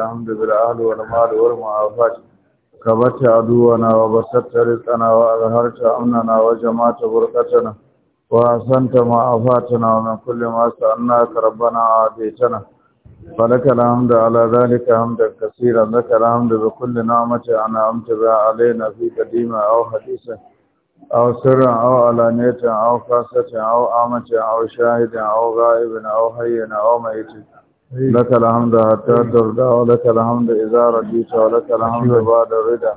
الحمد بالأهل والمال والمعافات كبت عدونا وبسطت رزقنا وأظهرت أمننا وجمعت برقتنا وأحسنت معافاتنا ومن كل ما سألناك ربنا عاديتنا فلك الحمد على ذلك حمدا كثيرا لك الحمد بكل نعمة أنعمت بها علينا في قديمة أو حديثة أو سرا أو علانية أو خاصة أو عامة أو شاهد أو غائب أو حي أو ميت إيه. لك الحمد حتى إيه. ترضى ولك الحمد إذا رجيت ولك الحمد بعد الردا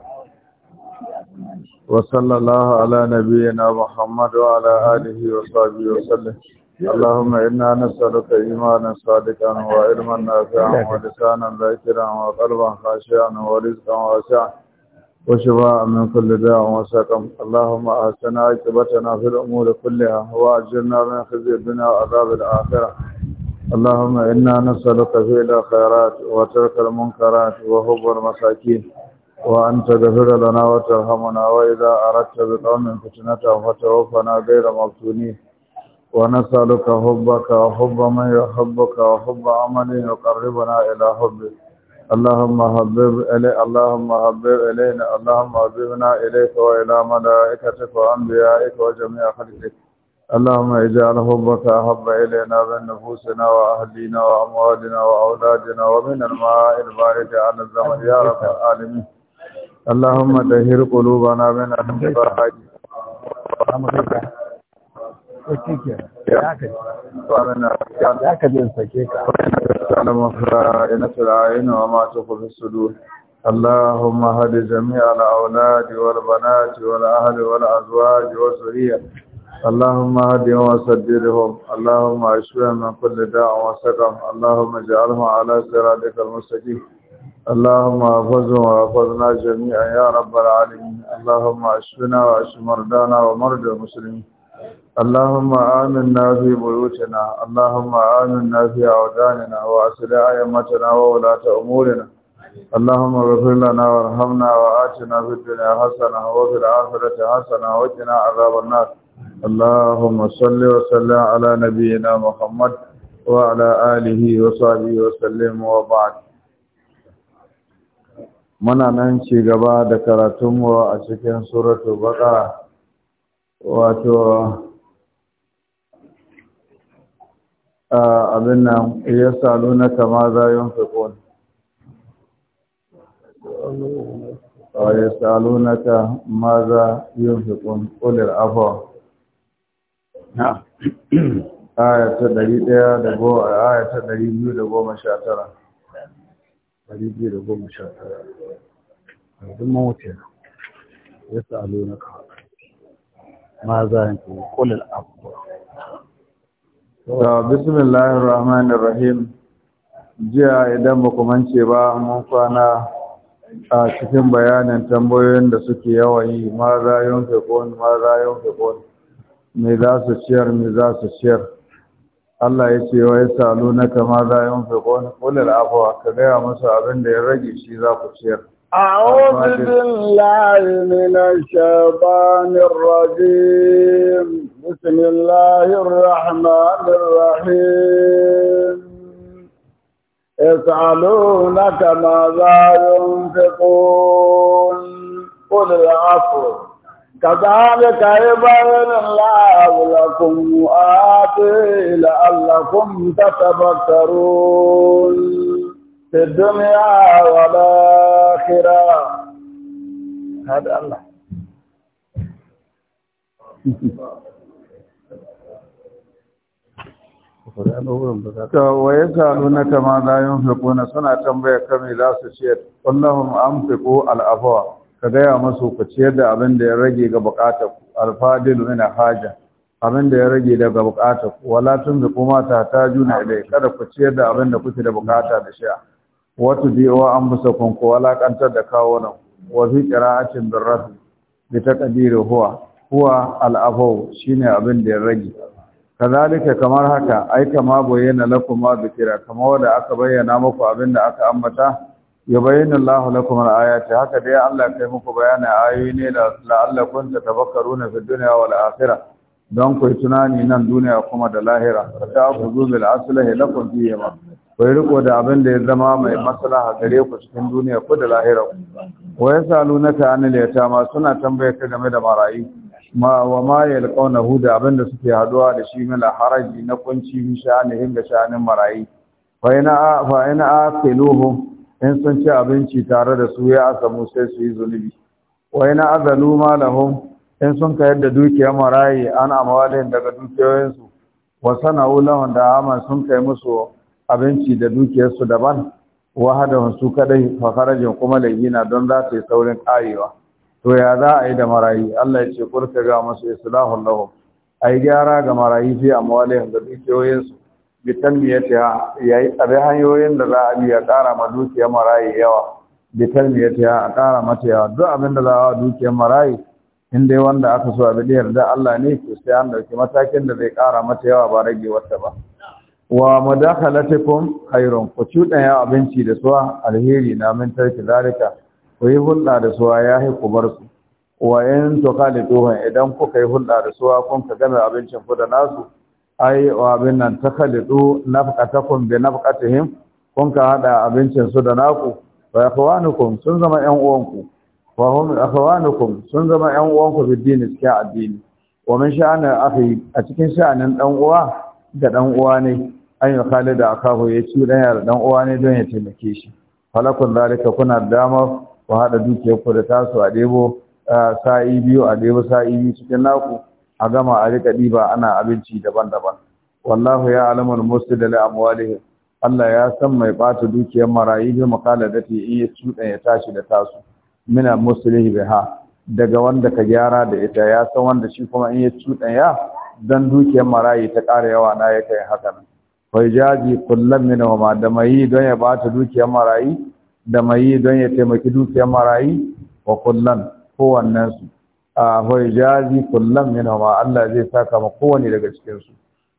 وصلى الله على نبينا محمد وعلى آله وصحبه وسلم اللهم إنا نسألك إيمانا صادقا وعلما نافعا ولسانا ذاكرا وقلبا خاشعا ورزقا واسعا وشفاء من كل داء وسقم اللهم أحسن عاقبتنا في الأمور كلها وأجرنا من خزي الدنيا وعذاب الآخرة اللهم إنا نسألك فعل الخيرات وترك المنكرات وحب المساكين وأن تغفر لنا وترحمنا وإذا أردت بقوم فتنة فتوفنا غير مفتونين ونسألك حبك وحب من يحبك وحب عمل يقربنا إلى حبك اللهم حبب إلي اللهم حبب إلينا اللهم حببنا إليك وإلى ملائكتك وأنبيائك وجميع خلقك اللهم اجعل حبك احب الينا من نفوسنا واهلينا واموالنا واولادنا ومن الماء البارد على الزمن يا رب العالمين اللهم طهر قلوبنا من الانتفاعات وما تخفي الصدور اللهم هد جميع الاولاد والبنات والاهل والازواج والذريه اللهم اهدهم وسددهم اللهم اشفهم من كل داء وسقم اللهم اجعلهم على صراطك المستقيم اللهم احفظهم واحفظنا جميعا يا رب العالمين اللهم اشفنا واشف مرضانا ومرضى المسلمين اللهم آمنا في بيوتنا اللهم آمنا في اوداننا وأسلع أئمتنا وولاة أمورنا اللهم اغفر لنا وارحمنا وآتنا في الدنيا حسنة وفي الاخره حسنة وقنا عذاب النار اللهم صل وسلم على نبينا محمد وعلى آله وصحبه وسلم وبعد muna nan ci gaba da karatunmu a cikin suratul baqara wato abin nan ya salu na kama zayon fikon ya salu na kama zayon fikon ƙulir afuwa ɗari ɗaya da na aya ta 110 aya ta 219 219 duk mawuce ya sa salo na ka ma za a yi kulil abuwa bismillahir rahmanir rahim jiya idan ba ku mance ba mun kwana a cikin bayanin tambayoyin da suke yawan yi ma za yunfe kun ma za yunfe kun me za su ciyar me za su ciyar Allah ya ce wa ya salo na kama za yi yin fiqon qulil afuwa ka gaya masu abin da ya rage shi za ku ciyar أعوذ بالله من الشيطان الرجيم بسم الله الرحمن الرحيم يسألونك ماذا ينفقون قل العفو كذلك يبين الله لكم آتي لعلكم تتبكرون في الدنيا والآخرة هذا الله waye salu na kama da yin suna tambaya kame za su ce, Allahun an fiƙo ka gaya masu ku ciyar da abin da ya rage ga bukatar ku alfadil mina haja abin da ya rage daga bukatar ku wala tun ta ta juna ilai kada ku ciyar da abin da kuke da bukata da shi Watu biwa an busa kun ku wala kantar da kawo nan wa fi qira'atin birrafi bi taqdiri huwa huwa al'afau shine abin da ya rage kazalika kamar haka ai kama na lakum ma bikira kamar wanda aka bayyana muku abin da aka ambata bayyana, Allahu lakum al-ayati haka dai Allah kai muku bayanin ayoyi ne da ta tafakkaru na dunya wal akhirah don ku tunani nan duniya kuma da lahira ta ku zubil aslahi lakum fihi ma ku riko da abin da ya zama mai maslaha gare ku cikin duniya ko da lahira ku wa yasalunaka anil yatama suna tambaye ka game da marayu ma wa ma yalqawnahu da abin da suke haduwa da shi mala haraji na kunci sha'anihin da sha'anin marayu fa ina fa ina in sun ci abinci tare da su ya asamu sai su yi zunubi wa na azalu lahum in sun kayar da dukiyar marayi an amwalin daga dukiyoyinsu wa sana'u lahum da amma sun kai musu abinci da dukiyarsu daban wahadahun su kadai fa kharajin kuma layyina don za su yi saurin karewa to ya za a yi da marayi Allah ya ce kurka ga masu islahun lahum ai gyara ga marayi fi amwalin da dukiyoyinsu bitalmiyata ya yi tsare hanyoyin da za a biya ƙara ma dukiyar marayi yawa bitalmiyata a ƙara mata yawa duk abin da za a dukiyar marayi in dai wanda aka so a bi yarda Allah ne to sai an dauki matakin da zai ƙara mata yawa ba rage wata ba wa mudakhalatikum khairun ku ya abinci da suwa alheri na min tarki zalika ku yi hulɗa da suwa ya yi ku bar su wa in idan kuka yi hulɗa da suwa kun ka gama abincin ku da nasu ai abin nan ta khalidu nafqatakum bi nafqatihim kun ka hada abincin su da naku wa akhwanukum sun zama ƴan uwanku wa hum akhwanukum sun zama ƴan uwanku bi dini cikin addini wa min sha'ani akhi a cikin sha'anin dan uwa da dan uwa ne an yi khalida akahu ya ci dan yar dan uwa ne don ya taimake shi falakun zalika kuna damar ku hada ku da tasu a debo sa'i biyu a debo sa'i biyu cikin naku a gama a rika ɗiba ana abinci daban-daban wallahu ya alamar musu da la'amwalihim Allah ya san mai bata dukiyar marayu bi makaladati in ya cuɗa ya tashi da tasu mina musulihi biha daga wanda ka gyara da ita ya san wanda shi kuma in ya cuɗa ya dan dukiyar marayu ta ƙara yawa na ya kai haka nan wai jaji kullum mina ma da mai don ya bata dukiyar marayu da mai don ya taimaki dukiyar marayu wa kullum kowannen a jazi kullum minhuma Allah zai sa kama kowane daga cikin su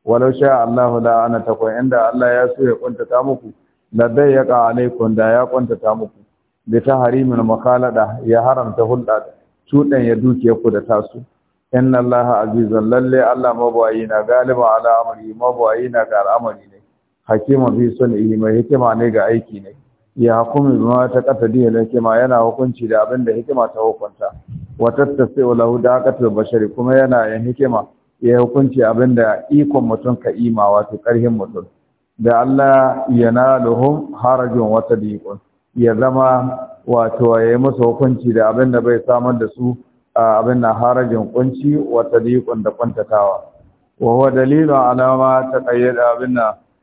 walau sha Allahu la ana takwa inda Allah ya so ya ta muku ya dayyaqa ne kunda ya ta muku bi tahrimin makalaɗa ya haramta hulɗa tudan ya duke ku da tasu inna Allah azizun lalle Allah mabayi na galiba ala amri na ga al'amari ne hakima fi ihi mai hikima ne ga aiki ne ya hukumu bima ta qatadi al ma yana hukunci da abin da hikima ta hukunta wa tattasiu lahu daqatul bashari kuma yana yin hikima ya hukunci abin da ikon mutum ka ima wato karhin mutum da Allah yanaluhum harajun wa tadiqun ya zama wato ya yi musu hukunci da abin da bai samar da su abin na harajin kunci wa tadiqun da kwantatawa wa huwa dalilun alama ta qayyada abin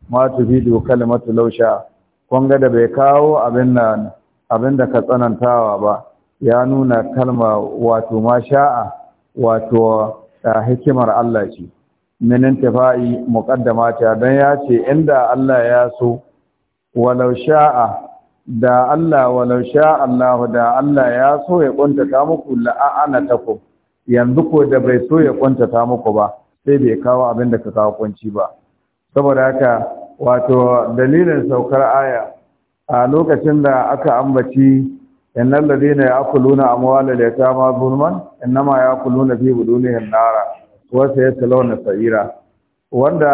ma tufidu kalimatu lausha Kunga da bai kawo abin da ka tsanantawa ba ya nuna kalma wato masha'a wato eh, hikimar Allah ce tafa'i muƙaddama ta, don ya ce inda Allah ya so walau sha'a da Allah walau da Allah ya so ya kuntata muku la'ana ku yanzu ko da bai so ya kuntata muku ba sai bai kawo abin da ka kawo kunci ba saboda haka wato dalilin saukar aya a lokacin da aka ambaci innal ladina ya'kuluna amwalal yatama zulman innama ya'kuluna fi budunihim nara wa sayaslawna sa'ira wanda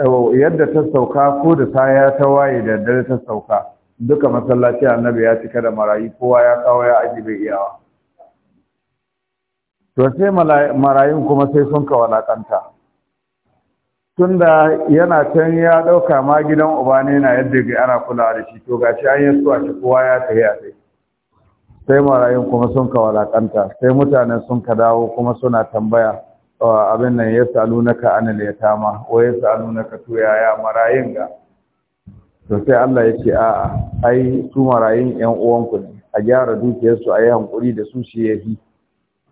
eh, yadda ta sauka ko da saya ta waye da dare ta sauka duka masallaci annabi ya cika da marayi kowa ya kawo ya aji iyawa to sai marayun kuma sai sun kawalakanta tunda yana can ya ɗauka ma gidan uba ne na yadda ga ana kula da shi to gashi an yi su a shi kowa ya tafi a sai sai marayun kuma sun ka walakanta sai mutanen sun ka dawo kuma suna tambaya abin nan ya salu na ka anil ya tama ko ya salu na ka tuya ya marayun ga to sai Allah ya ce a'a ai su marayun yan uwanku ne a gyara dukiyarsu a yi hankuri da su shi ya fi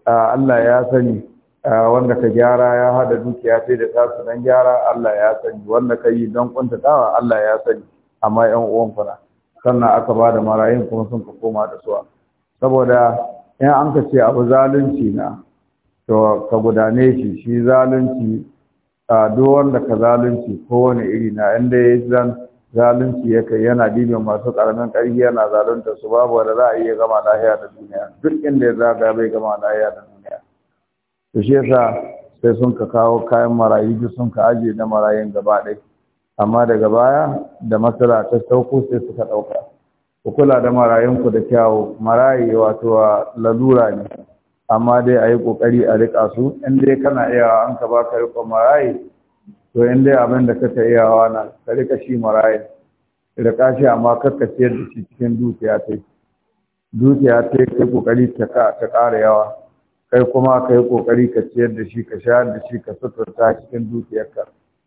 Allah ya sani Ah, wanda ka gyara ya hada dukiya sai da tasu dan gyara Allah ya sani wanda ka yi don kuntatawa Allah ya sani amma yan uwan fara sannan aka ba da marayun kuma sun ka koma da suwa saboda in an ka ce abu zalunci na to ka gudane shi shi zalunci a duk wanda ka zalunci kowane iri na inda ya zan zalunci ya kai yana dibe masu karamin ƙarfi yana zalunta su babu wanda za a iya gama lahiya da duniya duk inda ya zaga bai gama lahiya da duniya da shi yasa sai sun ka kawo kayan marayu duk sun ka aje na marayun gaba ɗai amma daga baya da masala ta sauko sai suka ɗauka ku kula da marayunku da kyawu marayi wato lalura ne amma dai a yi ƙoƙari a riƙa su in dai kana iyawa an ka baka riƙon marayi to in dai abin da kaka iyawa na ka riƙa shi marayi riƙa shi amma kar ka ciyar da shi cikin dukiya ta dukiya ta yi ƙoƙari ta ƙara yawa kai kuma ka yi ƙoƙari ka ciyar da shi ka shayar da shi ka suturta cikin dukiyarka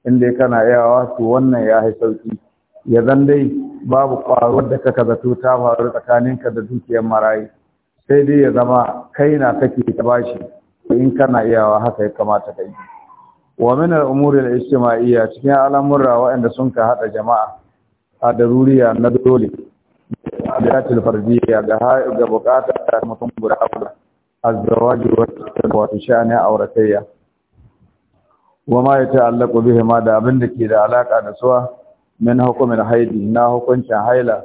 in dai kana iyawa? to wannan ya yi sauƙi ya zan dai babu ƙwaruwar da kaka zato ta faru tsakaninka da dukiyar marayi sai dai ya zama kai na kake ta bashi in kana iyawa haka ya kamata ka yi wa min umuri da cikin al'amura waɗanda sun ka haɗa jama'a a daruriya na dole da ta tilfarjiya ga buƙatar bukatar mutum guda guda الزواج أو أورتية وما يتعلق بهما دا أبندك دا علاقة نسوة من حكم الحيد نا حكم شهيلة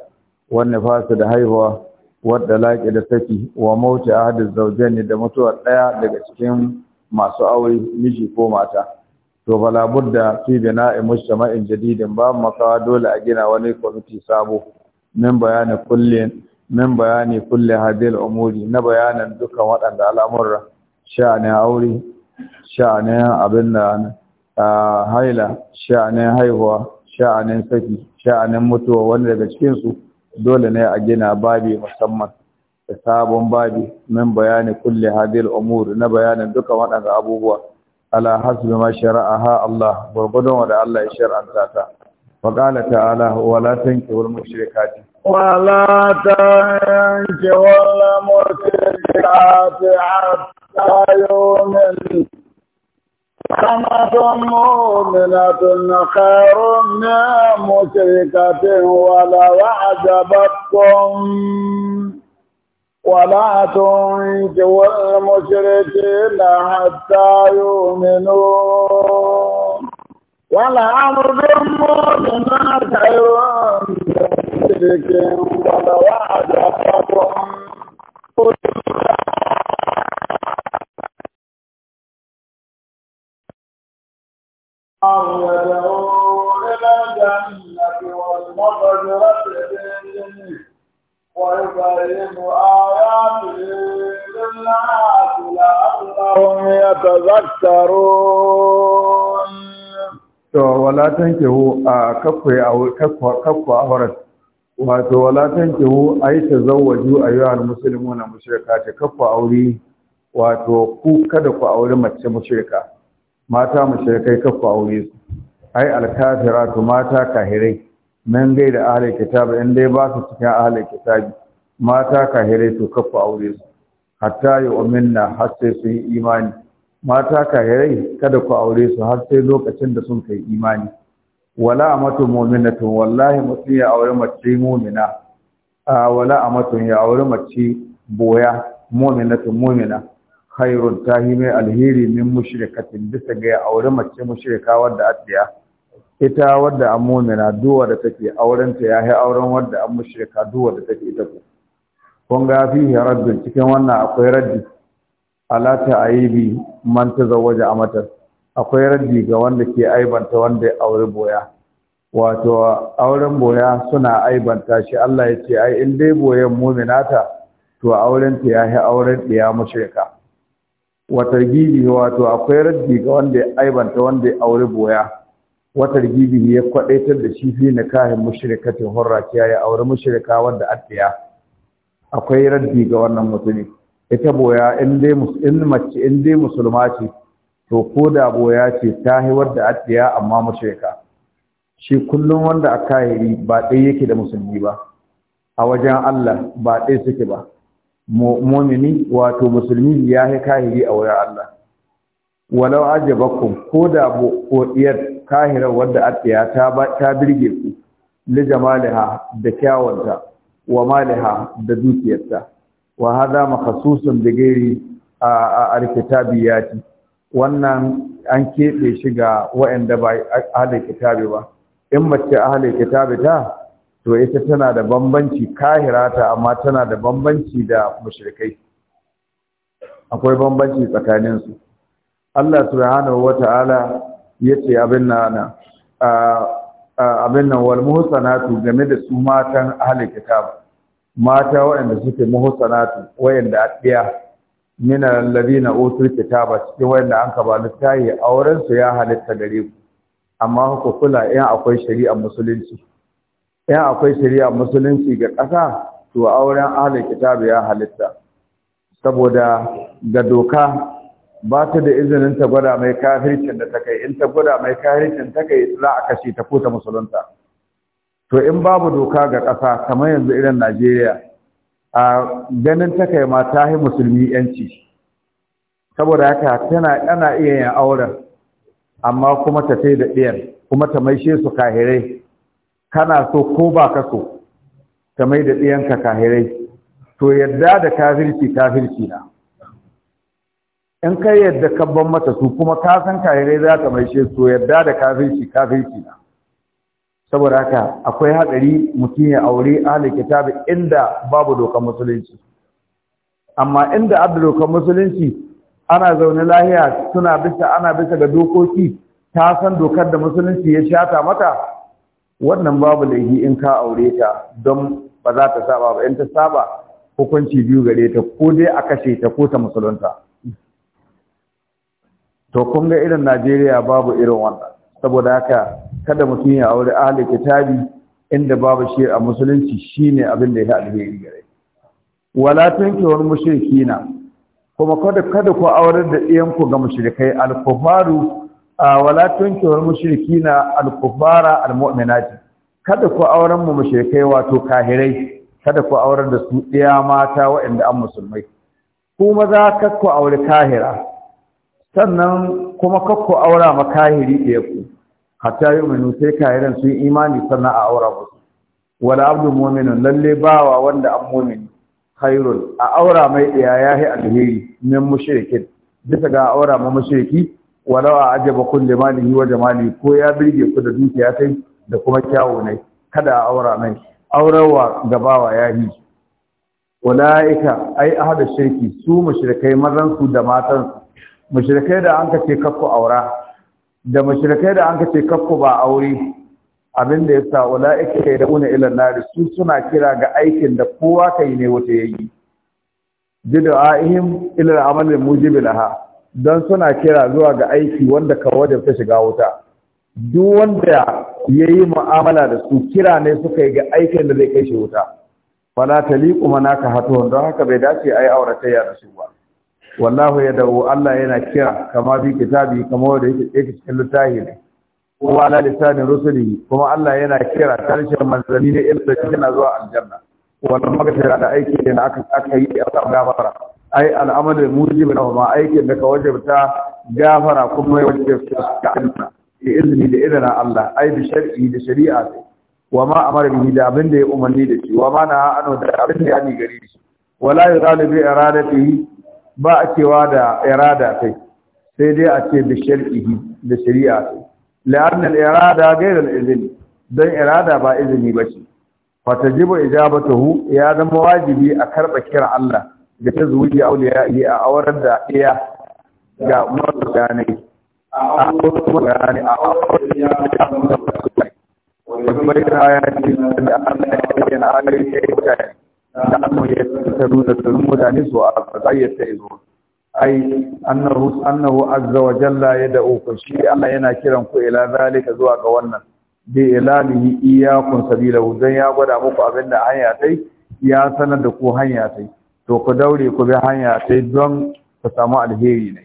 والنفاس دا هيهوة والدلاك دا سكي وموت أحد الزوجين دا متوى الآية دا سكين ما سؤوي نجي كوماتا فلا بد في بناء مجتمع جديد jadidin ba makawa dole a gina wani kwamiti sabo min bayani kulle hadil umuri na bayanan dukan waɗanda al'amurra sha'anin aure sha'anin abin da haila sha'anin haihuwa sha'anin saki sha'anin mutuwa wanda daga cikinsu dole ne a gina babi musamman da sabon babi min bayani kulle hadil umuri na bayanin dukan waɗanda abubuwa ala hasbi ma ha Allah gurgudun wa da Allah ya shar'anta ta wa qala ta'ala wa la tankihu al-mushrikati ولا تنكح المشركات حتى يؤمن كما مؤمنة خير من مشركة ولا أعجبتكم ولا تنكحوا المشركين حتى يؤمنوا ولا أمر مؤمنة خير صدق ولوعد قبر يدعو إلى الجنة والمغفرة بإذنه ويبين آياته للناس لعلهم يتذكرون to wala tankihu a a ya a aurat wato wala tankihu ay tazawwaju ayyuhal ta mushrikati a wuri wato ku kada ku auri mace mushrika mata mushrikai a aure su ai to mata kahirai nan gai da ahalai kitabu in dai ba su cikin ahalai kitabu mata kahirai to a aure su hatta yu'minna har sai su yi imani mata kahirai kada ku aure su har sai lokacin da sun kai imani wala amatu mu'minatun wallahi mutum ya aure mace mu'mina a wala amatu ya aure mace boya mu'minatun mu'mina khairun tahi mai alheri min mushrikatin bisa ga ya aure mace mushrika wadda atiya ita wadda an mu'mina duwa da take auren ta yahi auren wadda an mushrika duwa da take ita ko kun ga fi raddin cikin wannan akwai raddi alata aibi man zawaja amatar akwai raddi ga wanda ke aibanta wanda ya aure boya wato auren boya suna aibanta shi Allah ya ce ai in dai boyan mu'minata to auren ta yahi auren diya mushrika watar gibi wato akwai raddi ga wanda ya aibanta wanda ya aure boya watar gibi ya kwadaitar da shi fi nikahin mushrikatin hurra ya aure mushrika wanda addiya akwai raddi ga wannan mutumin. ita boya in dai in mace in dai musulma ce to ko da boya ce ta haihuwar da addiya amma mushrika shi kullum wanda a haihu ba ɗaya yake da musulmi ba a wajen Allah ba ɗaya suke ba mumini wato musulmi ya yi kahiri a wajen Allah walau ajabakum ko da kodiyar kahirar wadda addiya ta ta birge ku li jamaliha da kyawunta wa maliha da dukiyarta wa hada makhsusun bi ya ci. wannan an keɓe shi ga waɗanda ba ahalin kitabi ba in mace ahalin kitabi ta to ita tana da bambanci kahirata amma tana da bambanci da mushrikai akwai bambanci tsakanin su Allah subhanahu wata'ala yace abin nan abin nan wal muhsanatu game da su matan ahalin kitabi mata waɗanda suke muhsanatu waɗanda na min na utul kitaba cikin waɗanda an ka ba littafi auren su ya halitta gare ku amma ku kula in akwai shari'a musulunci in akwai shari'a musulunci ga ƙasa to auren ahli kitabi ya halitta saboda ga doka ba ta da izinin ta gwada mai kafircin da ta kai in ta gwada mai kafircin ta kai za a kashe ta ko ta musulunta to in babu doka ga ƙasa kamar yanzu irin Najeriya a ganin takai ma ta yi musulmi yanci saboda haka tana ana iya yin auren amma kuma ta sai da ɗiyar kuma ta maishe su kahirai kana so ko ba ka so ta mai da ɗiyanka kahirai to yadda da kafirci kafirci na in kai yadda kabban mata su kuma ka san kahirai za ta maishe su yadda da kafirci kafirci na saboda haka akwai hatsari mutum ya aure ahlul kitabi inda babu dokar musulunci amma inda abu dokar musulunci ana zaune lahiya suna bisa ana bisa ga dokoki ta san dokar da musulunci ya shata mata wannan babu laifi in ka aure ta don ba za ta saba ba in ta saba hukunci biyu gare ta ko dai a kashe ta ko ta musulunta to kun ga irin Najeriya babu irin wannan saboda haka kada mutum ya aure ahli kitabi inda babu shi a musulunci shine abin da ya alheri gare wala tankihul mushrikina kuma kada kada ku aurar da iyan ku ga mushrikai al-kufaru wala tankihul mushrikina al-kufara al-mu'minati kada ku aure mu mushrikai wato kahirai kada ku aurar da su iya mata waɗanda an musulmai ku maza ku aure kahira sannan kuma kakku aura makahiri kahiri ɗaya hatta yi sai kayaran sun yi imani sannan a aura musu wala abdu mu'minun lalle bawa wanda an mu'min khairul a aura mai ɗaya ya yi alheri min mushrikin bisa ga aura ma mushriki walau a ajaba kulli malihi wa jamali ko ya birge ku da dukiya kai da kuma kyawu ne kada a aura mai aurawa gabawa ya yi ulaika ai hada shirki su mushrikai mazan su da matan su mushrikai da an kace kakku aura da mashirkai da an ce kakku ba aure abin da ya sa yasa da wuna ila nari su suna kira ga aikin da kowa kai ne wata ya yi. yayi bid'a'ihim ilar amalin amal mujib laha don suna kira zuwa ga aiki wanda ka ta shiga wuta duk wanda ya yi mu'amala da su kira ne suka yi ga aikin da zai kai shi wuta fala taliqu manaka hatu don haka bai dace a yi auratayya da su ba wallahu ya dawo Allah yana kira kama fi kitabi kama wanda yake cikin littafi ne kuma ala lisanin rusuli kuma Allah yana kira tarshen manzanni ne ilta yana zuwa aljanna wannan magana da aiki ne aka aka yi a samu gafara ai al'amalu mujibu na ma aikin da ka wajabta gafara kuma ya wajabta ga Allah bi izini da idan Allah ai bi shar'i da shari'a wa ma amara bihi da abin da ya umarni da shi wa ma na anu da abin da ya ni gare shi wala yuralu bi iradatihi ba a cewa da irada kai sai dai a ce bishar'ihi da shari'a kai al-irada ghayra al-izn dan irada ba izini ba ce. bace fatajibu ijabatuhu ya zama wajibi a karba kira Allah da ta zuwa auliya iya a auren da iya ga masu gane a kuma gane a wasu bayyana ya ce da Allah ya yi na alaƙa ya yi da annu ya da tsaru mutane su a fasayyarta ya zo ai annahu annahu azza ya da uku shi Allah yana kiran ku ila zalika zuwa ga wannan bi ilalihi iyakun sabila dan ya gwada muku abinda hanya tai ya sanar da ku hanya tai to ku daure ku bi hanya tai don ku samu alheri ne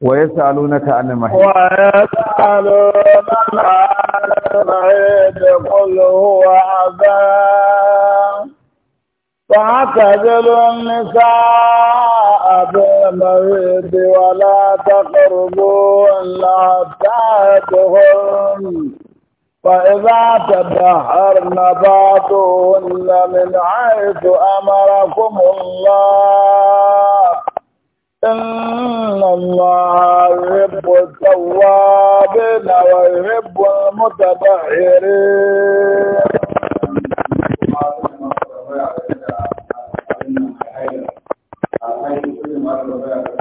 wa yas'alunaka an mahi wa yas'alunaka an mahi qul huwa azza فاعتزلوا النساء بالمريض ولا تقربوهن حتى يطهرن فإذا تبحرن فاتوهن من حيث أمركم الله إن الله يحب التوابين ويحب المتبحرين tambaya game da abin nan haila a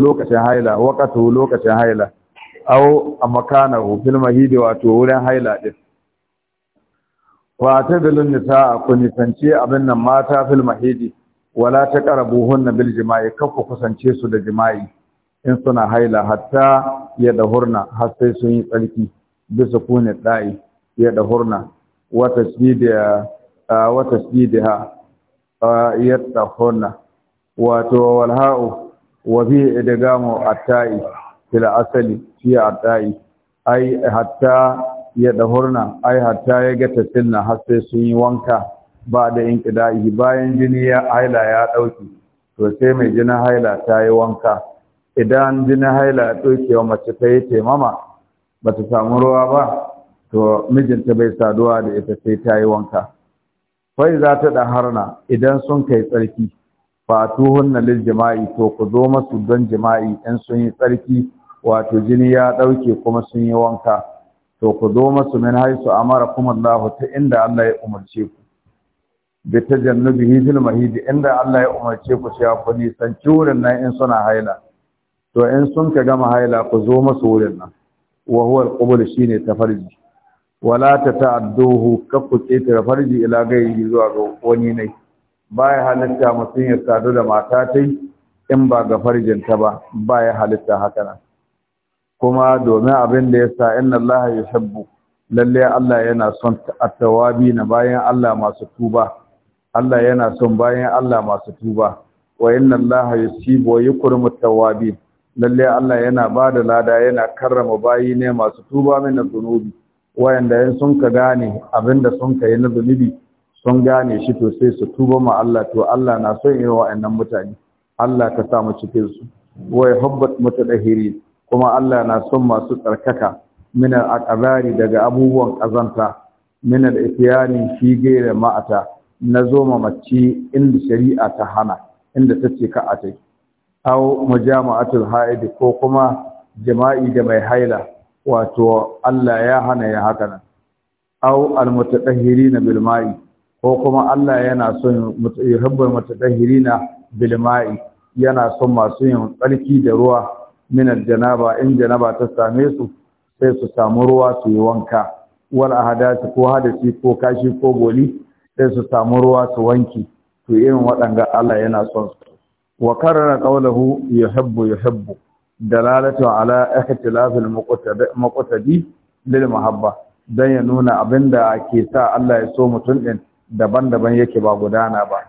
lokacin haila wakatu lokacin haila au a makanahu fil mahidi wato wurin haila din wa tadilun nisaa ku nisanci abin nan mata fil mahidi wala ta hunna bil jima'i kafu kusance su da jima'i in suna haila hatta ya hurna, har sai sun yi tsarki bisa kunin da'i ya hurna wata sidiya wata tasbidiha ya hurna, wato walha'u wa bi idgamu attai fil asali fi attai ai hatta ya dahurna ai hatta ya ga tasilna har sai sun yi wanka ba da inqida'i bayan jini ya haila ya dauki to mai jinin haila ta yi wanka idan jinin haila ya dauke wa mace ta yi temama ba ta samu ruwa ba to mijinta bai saduwa da ita sai ta yi wanka fai za ta harna idan sun kai tsarki fatuhunna lil jima'i to ku zo masu don jima'i in sun yi tsarki wato jini ya ɗauke kuma sun yi wanka to ku zo masu min haisu amara kuma Allah ta inda Allah ya umarce ku bi tajannubihi fil mahidi inda Allah ya umarce ku shi ku nisanci wurin nan in suna haila to in sun ka gama haila ku zo masu wurin nan wa huwa al-qubul shine tafarji wala ta ta'adduhu kakku ce ta farji ila gairi zuwa ga wani nai. baya halitta mutum ya sadu da mata tai in ba ga farjinta ba baya halitta haka nan kuma domin abin da yasa inna Allah yuhibbu lalle Allah yana son at-tawabi na bayan Allah masu tuba Allah yana son bayan Allah masu tuba wa inna Allah yusibu yukrimu at-tawabi lalle Allah yana bada lada yana karrama bayi ne masu tuba min zunubi wayanda in sun ka gane abinda sun ka na zunubi sun gane shi to sai su tuba ma Allah to Allah na son irin wa'annan mutane Allah ka sa mu cikin su wa yuhibbat mutadahiri kuma Allah na son masu tsarkaka min al daga abubuwan kazanta min al shige fi gaira ma'ata na zo maci inda shari'a ta hana inda ta ce ka a tai aw mujama'atul haid ko kuma jama'i da mai haila wato Allah ya hana ya haka nan aw al-mutadahirina bil ma'i ko kuma Allah yana son yuhibbul mutatahhirina bil ma'i yana son masu yin tsarki da ruwa min janaba in janaba ta same su sai su samu ruwa su yi wanka wal ahadati ko hadisi ko kashi ko goli sai su samu ruwa su wanki to irin waɗanga Allah yana son su wa karara qawluhu yuhibbu yuhibbu dalalatu ala ikhtilaf al muqtadi lil mahabba dan ya nuna abinda ke sa Allah ya so mutum din daban-daban yake ba gudana ba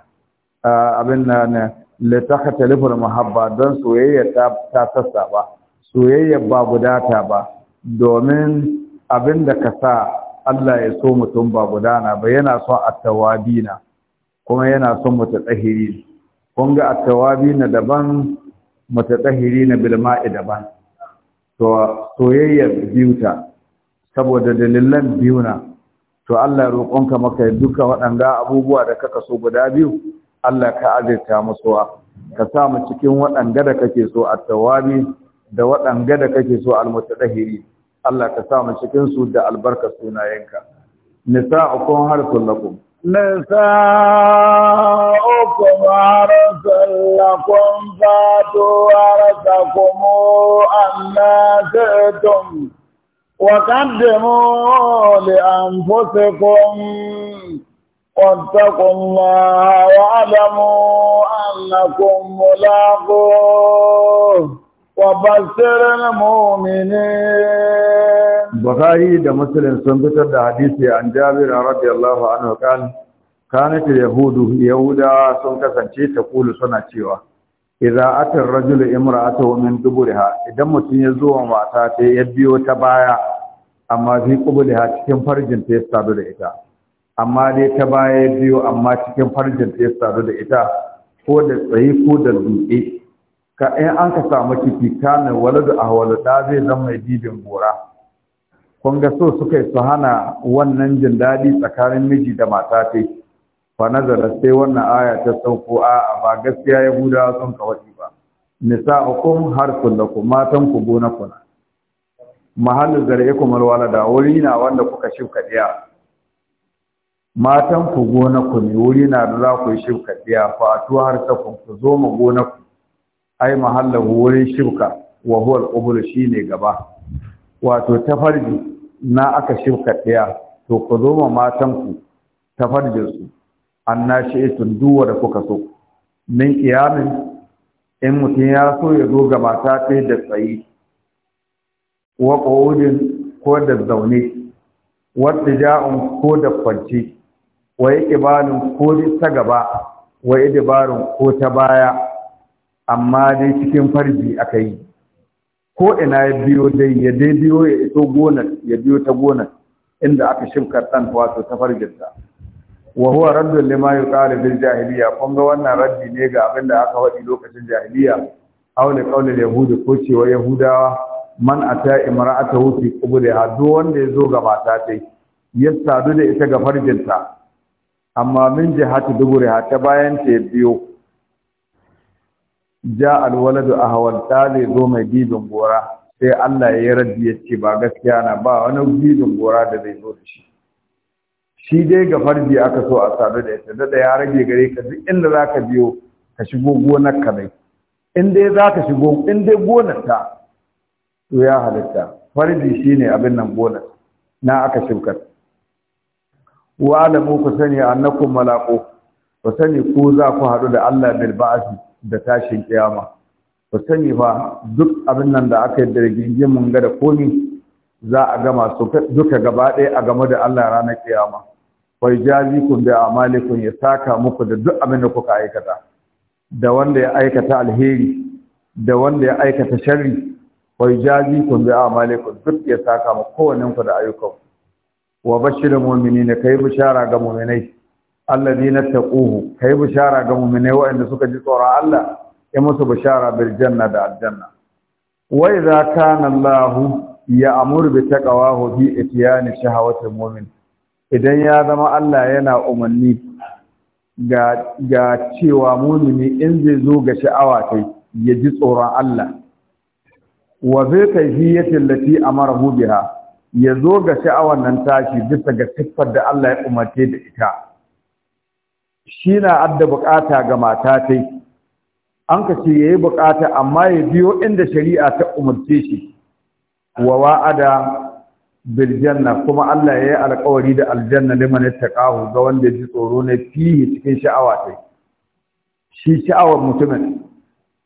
abin na ne litaka telefon mahabba don soyayya ta sassa ba soyayya ba gudata ba domin abin da ka sa Allah ya so mutum ba gudana ba yana son na, kuma yana son tsahiri kun ga na daban tsahiri na bilma'i daban to soyayya biyuta saboda dalilan biyu na to Allah roƙonka maka duka waɗanda abubuwa da kaka so guda biyu Allah ka azirta musu ka sa mu cikin waɗanda da kake so at-tawabi da waɗanda da kake so al-mutatahhiri Allah ka sa mu cikin su da albarka sunayenka nisa'ukum harsul lakum نساؤكم عرس لكم فاتوا عرسكم أما Waƙar da muhalli amfutukun warta da Musulunci sun fitar da hadisi a Jamira r.a.w, kane ta Yahuda sun kasance ta Kulu suna cewa. idza atar rajulu imra'atahu min duburiha idan mutum ya zo wa mata ta ya biyo ta baya amma fi qubliha cikin farjin ta ya sadu da ita amma dai ta baya ya biyo amma cikin farjin ta ya sadu da ita ko da tsayi ko da dutse ka in an ka samu ciki kana waladu ahwalu da zai zama mai dibin gora kun ga so suka yi su hana wannan jin daɗi tsakanin miji da mata ta fa nazara sai wannan aya ta sauko a ba gaskiya ya buda sun kawai ba nisa'ukum harsun lakum matan ku gona kuna mahallu zar'ikum alwalada wuri na wanda kuka shuka diya matan ku gona ku ne wuri na da za ku yi shuka diya fa tu har ta ku zo mu gona ku ai mahallahu wurin shuka wa huwa al-qubul shine gaba wato ta farji na aka shuka diya to ku zo mu matan ku tafarjin su annashi'atun duwa da kuka so min in mutum ya so ya zo ga mata sai da tsayi wa qawudin ko da zaune wa tija'un ko da kwanci wa iqbalun ko ta gaba wa idbarun ko ta baya amma dai cikin farji aka ko ina ya biyo dai ya dai biyo ya iso gonar ya biyo ta gonar inda aka shimkar ɗan wato ta farjinta. wa huwa raddun lima yuqalu bil jahiliya kun ga wannan raddi ne ga abin da aka wadi lokacin jahiliya aule li yahudi ko wa yahudawa man ata imra'atahu fi qubulha duk wanda yazo ga mata tai ya sadu da ita ga farjinta amma min jihati duburiha ta bayan ta biyo ja alwaladu ahwal zai zo mai bidin gora sai Allah ya yi raddi ya ce ba gaskiya na ba wani bidin gora da zai zo da shi shi dai ga farji aka so a sadu da ita da ya rage gare ka duk inda za ka biyo ka shigo gonar ka dai in dai za ka shigo in dai gonar ta to ya halitta farji shine abin nan gonar na aka shukar wa alamu ku sani annakum malaqu ku sani ku za ku haɗu da Allah bil ba'si da tashin kiyama ku sani ba duk abin nan da aka yi da rigingimin ga da komi za a gama su duka gaba ɗaya a game da Allah ranar kiyama wai jazi kun bi amalikum ya saka muku da duk abin da kuka aikata da wanda ya aikata alheri da wanda ya aikata sharri wai jazi kun bi amalikum duk ya saka muku kowanne ku da ayyukan wa bashir mu'minin kai bishara ga mu'minai alladina taquhu kai bishara ga mu'minai waɗanda suka ji tsoron Allah ya musu bishara bil janna da aljanna wa idza kana Allah ya amuru bi taqawahu bi itiyani shahawatil mu'min idan ya zama Allah yana umarni ga cewa mumini in zai zo ga sha'awa ta ya ji tsoron Allah wa zai tallafi a mara biha ya zo ga sha'awar nan tashi bisa ga siffar da Allah ya umarce da ita shi na adda bukata ga mata ta an ka ce yayi bukata amma ya biyo inda shari'a ta umarce shi wa wa'ada bil kuma Allah ya yi alƙawari da aljanna liman taqahu ga wanda ji tsoro ne fihi cikin sha'awa sai shi sha'awar mutumin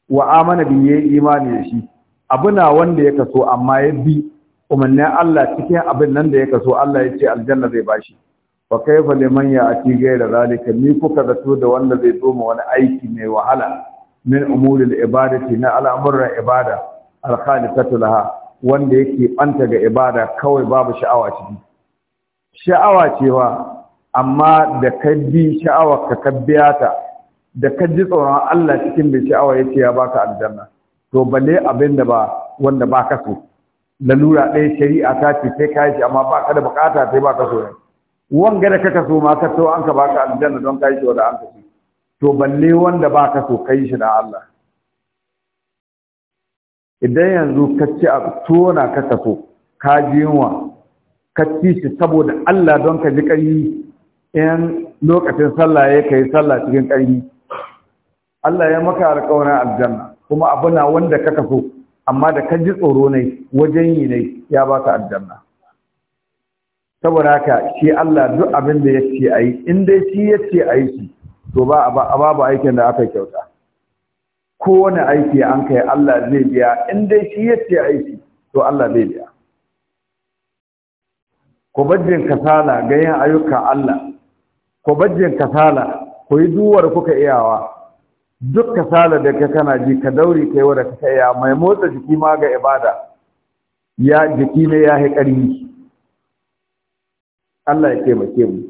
wa amana bi yayi imani da shi abuna wanda ya kaso amma ya bi umarnin Allah cikin abin nan da ya kaso Allah ya ce aljanna zai bashi wa kayfa liman ya ati gaira zalika ni kuka zato da wanda zai zo wani aiki mai wahala min umuril ibadati na al'amuran ibada al-khalisatu laha wanda yake banta ga ibada kawai babu sha'awa ciki sha'awa cewa amma da ka bi sha'awa ka kabbiya ta da ka ji tsoron Allah cikin da sha'awa yace ya baka aljanna to balle abin da ba wanda ba ka so lalura ɗaya shari'a ta ce sai ka yi shi amma ba ka da bukata sai ba ka so wanga da kaka so ma ka so an ka baka aljanna don ka yi shi wanda an ka so to balle wanda ba ka so ka yi shi da Allah idan yanzu ka ci a tona ka tafo ka ji yunwa ka ci shi saboda Allah don ka ji ƙarfi in lokacin sallah ya kai sallah cikin ƙarfi Allah ya maka alƙawarin aljanna kuma abu na wanda ka kaso amma da ka ji tsoro ne wajen yi ne ya ba baka aljanna saboda haka shi Allah duk abin da ya ce a yi in dai shi ya ce a yi shi to ba a babu aikin da aka kyauta kowane aiki an kai Allah zai biya in dai shi yace aiki to Allah zai biya ko bajin kasala ga yin ayyukan Allah ko bajin kasala ko yi duwar kuka iyawa duk kasala da ka kana ji ka dauri kai wa ka iya mai motsa jiki ma ga ibada ya jiki ne ya yi ƙarfi Allah ya taimake mu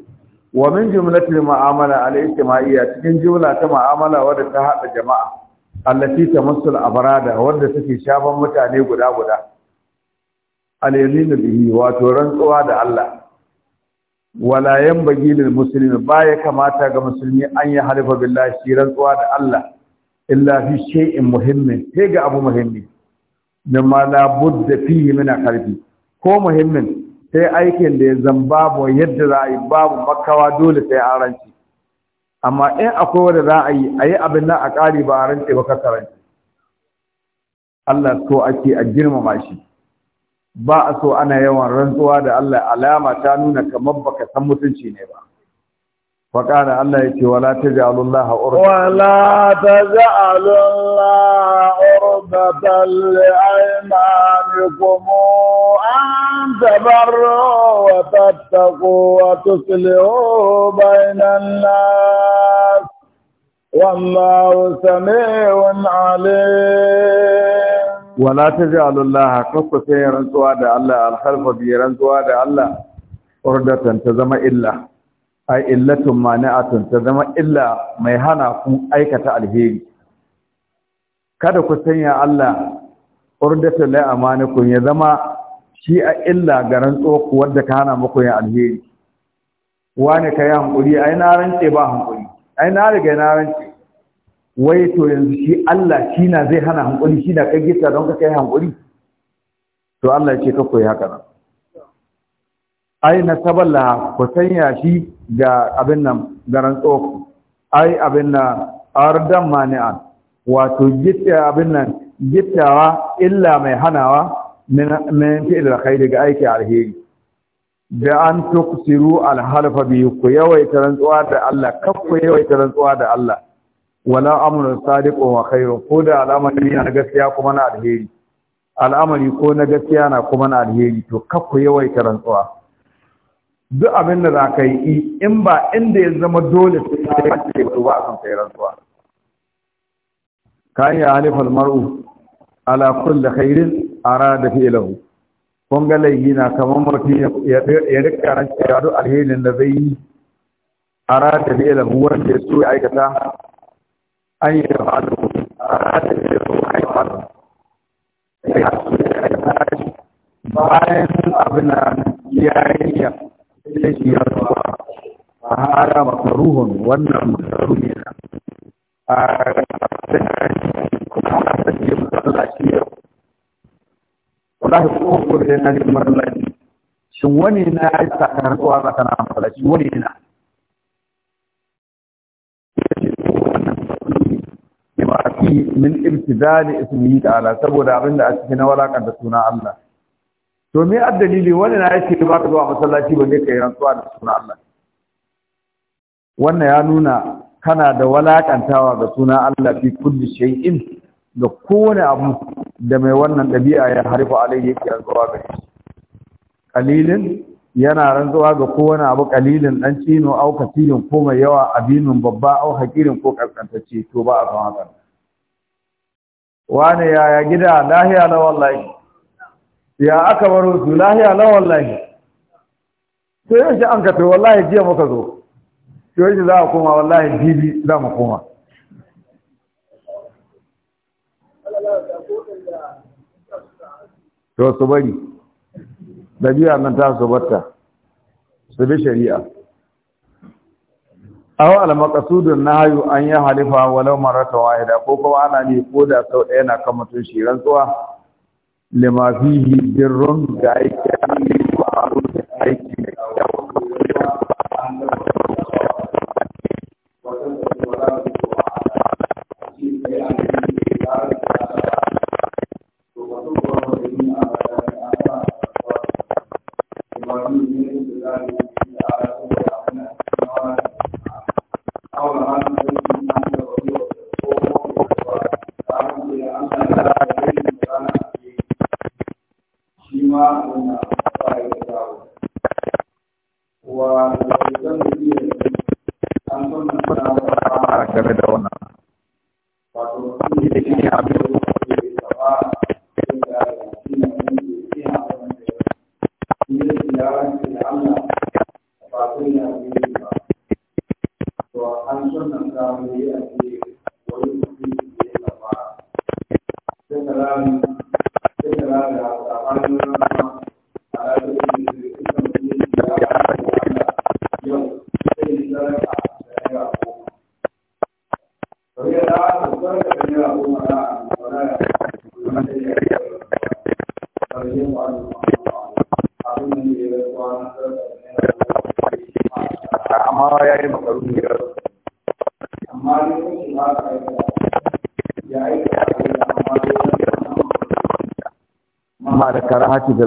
wa min jumlatil ma'amala al-ijtima'iyya cikin jumla ta ma'amala wadda ta hada jama'a allati tamassul abrada wanda take shafan mutane guda guda al bihi wato rantsuwa da Allah wala yanbaghi lil ba baya kamata ga musulmi an ya halifa billahi shi rantsuwa da Allah illa fi shay'in muhimmin sai ga abu muhimmi ma la budda fihi min qalbi ko muhimmin sai aikin da ya zamba babu yadda za a yi babu makawa dole sai an ranci amma in akwai wanda za a yi a yi abin nan a ƙari ba a rantse ba kasarar Allah so ake a girmama shi ba a so ana yawan rantsuwa da Allah alama ta nuna kamar baka san mutunci ne ba Allah فقال الله Wala ta تجعلوا الله أربة ولا تجعلوا الله أربة لأيمانكم تبروا وتتقوا وتصلحوا بين الناس والله سميع عليم ولا تجعلوا الله كفك رنسوا ده الله الخلف بي rantsuwa da الله ordatan ta zama illa ai illatun mani'atun ta zama illa mai hana ku aikata alheri kada ku sanya Allah ordatan la ya zama shi a illa ga rantsuwa ku wadda ka hana muku yin alheri wani ka yi hankuri ai na rantse ba hankuri ai na riga na rantse wai to yanzu shi Allah shi na zai hana hankuri shi na kai gita don ka kai hankuri to Allah ya ce ka koyi haka nan ai na saballa ku sanya shi ga abin nan ga rantsuwa ku ai abin nan ardan mani'an wato gita abin nan gittawa illa mai hanawa min fi'il alkhairi ga aiki alheri da an tuksiru alhalfa biyu. ku yawaita rantsuwa da Allah kakku yawaita rantsuwa da Allah wala amrun sadiqun wa khairun ko da al'amari na gaskiya kuma na alheri al'amari ko na na kuma na alheri to kakku yawaita rantsuwa duk abinda da za ka yi in ba inda ya zama dole su ne ba a kan kai rantsuwa kan ya halifar mar'u ala kulli khairin arada fi'lahu kun ga laifi na kamar mafi ya rika ran cewa alherin da zai yi arada fi'lahu wanda ya so ya aikata an yi da fa'alu arada fi'lahu ai fa'alu bayan abin ya yi ya sai shi ya zuwa a hada makaruhun wannan makaruhun wallahi ko ko da na ga mallaci shin wani na ya sa karatuwa ba kana mallaci wani na bima fi min ibtidali ismihi ta'ala saboda abinda a cikin walakan da suna Allah to me addalili wani na yake ba ka zuwa masallaci ba ne kai rantsuwa da suna Allah wannan ya nuna kana da walakantawa ga suna Allah fi kulli shay'in da kowane abu da mai wannan ɗabi'a ya harfa alaihi yake rantsuwa ga shi kalilin yana rantsuwa ga kowane abu kalilin dan cino au kasirin ko mai yawa abinin babba au hakirin ko kaskantacce to ba a san haka wani yaya gida lahiya na wallahi ya aka baro su lahiya na wallahi to yau an ka to wallahi jiya muka zo yau za a koma wallahi bibi za mu koma to su bari ɗabi'a nan ta su batta su bi shari'a awa al na nahyu an ya halifa walau marrata wahida ko kuma ana ne ko da sau ɗaya na kan mutum shi rantsuwa lima fihi dirrun ga aiki aiki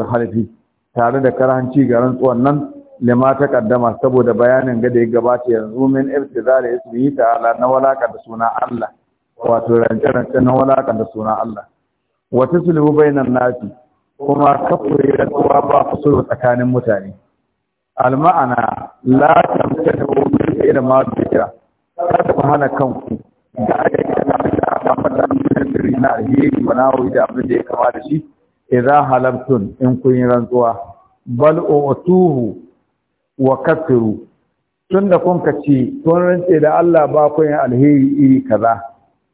halifi tare da karanci ga rantsuwan nan lima ta kaddama saboda bayanin ga da ya gabata yanzu min ibtizari ismihi ta'ala na walaka da suna Allah wato rance-rance na walaka da suna Allah wa tuslihu bainan nasi kuma kafure da tuwa ba kusur tsakanin mutane alma'ana la tamtadu min ila ma bikira kada ku hana kanku da aka yi da aka da min sirri na alheri wa nawo da abin da ya kama da shi idza halabtun in kun yi rantsuwa bal utuhu wa kafiru tunda kun ka ce kun rantse da Allah ba ku yin alheri iri kaza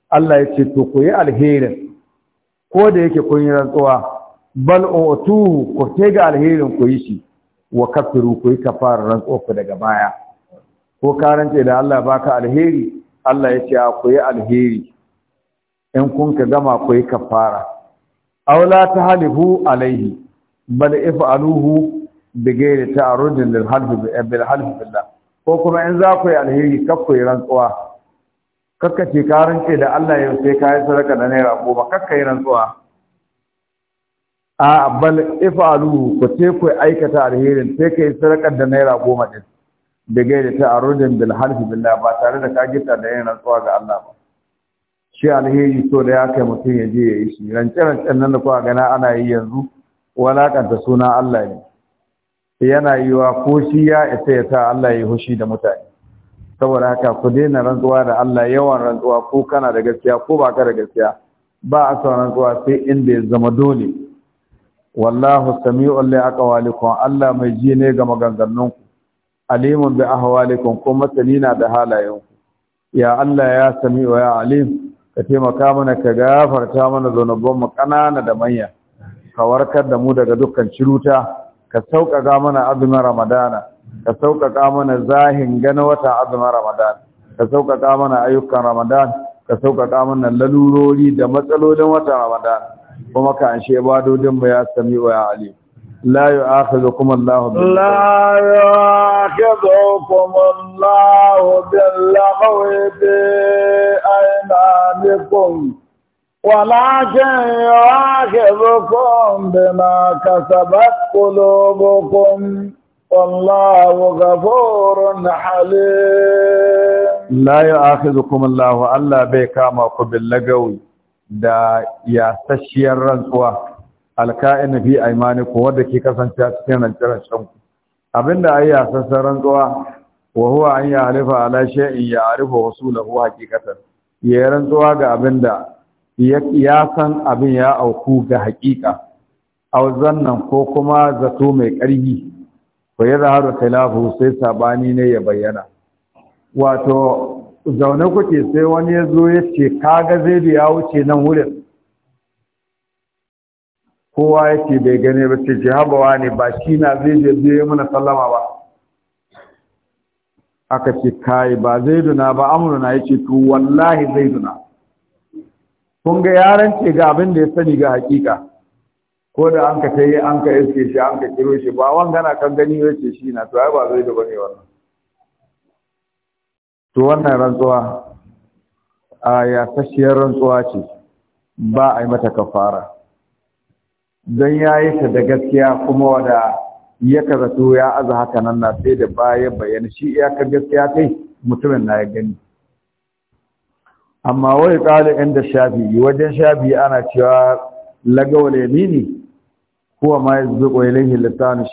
Allah ya ce to ku yi alherin ko da yake kun yi rantsuwa bal utuhu ku ce ga alherin ku yi shi wa kafiru ku yi kafar rantsuwa ku daga baya ko ka rantse da Allah baka alheri Allah ya ce ku yi alheri in kun ka gama ku yi kafara aula ta halifu alaihi bal if'aluhu bi ghairi ta'arrudin lil half bil billah ko kuma in za ku yi alheri kar ku yi rantsuwa kakka ce ka rance da Allah yau sai ka yi sadaka da naira goma kakka yi rantsuwa a bal if'aluhu ku ce ku aikata alherin sai ka yi sadaka da naira goma din da gaida ta'arrudin bil halfi billah ba tare da ka gita da yin rantsuwa ga Allah ba shi alheri so da ya kai mutum ya je ya yi shi rance rance nan da kuwa gana ana yi yanzu walakanta suna Allah ne yana yiwa ko shi ya isa ya sa Allah ya yi hushi da mutane saboda haka ku daina rantsuwa da Allah yawan rantsuwa ko kana da gaskiya ko ba ka da gaskiya ba a rantsuwa sai inda ya zama dole wallahu sami'un li aqwalikum Allah mai ji ne ga maganganunku alimun bi ahwalikum kuma masani na da halayenku ya Allah ya sami'u ya alim ka taimaka mana ka gafarta mana zanubban mu ƙanana da manya ka warkar da mu daga dukkan ciruta ka sauƙaƙa mana azumin ramadana ka sauƙaƙa mana zahin gana wata azumin Ramadana, ka sauƙaƙa mana ayyukan Ramadana, ka sauƙaƙa mana lalurori da matsalolin wata Ramadana, kuma ka anshe ibadodin mu ya sami wa ya alim لا يؤاخذكم الله باللغو لا يؤاخذكم الله باللغو بأيمانكم ولكن يؤاخذكم بما كسبت قلوبكم والله غفور حليم لا يؤاخذكم الله ألا بكامكم باللغو دا يا sashiyar rantsuwa alka'in fi aymanikum wanda ke kasancewa cikin rancen shanku abinda ayi a sassan rantsuwa wa huwa an ya alifa ala shay'in ya arifa wasulahu haqiqatan ya rantsuwa ga abinda ya san abin ya auku ga haƙiƙa aw zannan ko kuma zato mai ƙarfi ko ya zaharu khilafu sai sabani ne ya bayyana wato zaune kuke sai wani ya zo ya ce kaga zai ya wuce nan wurin kowa yake bai gane ba sai ce wa ne ba shi na zai je biyo mana sallama ba aka ce kai ba zai duna ba ya ce to wallahi zai duna kun ga yaran ce ga abin da ya sani ga hakika ko da an ka tayi an ka iske shi an ka kiro shi ba wanga na kan gani ce shi na to ai ba zai zaidu bane wannan to wannan rantsuwa a ya tashiyar rantsuwa ce ba a yi mata kafara don ya yi ta da gaskiya kuma wada ya karatu ya aza haka nan na sai da baya bayyana shi iyakar gaskiya kai mutumin na ya gani amma wai tsari inda shafi wajen shafi ana cewa lagawal yamini kuwa ma yazzuqu ilayhi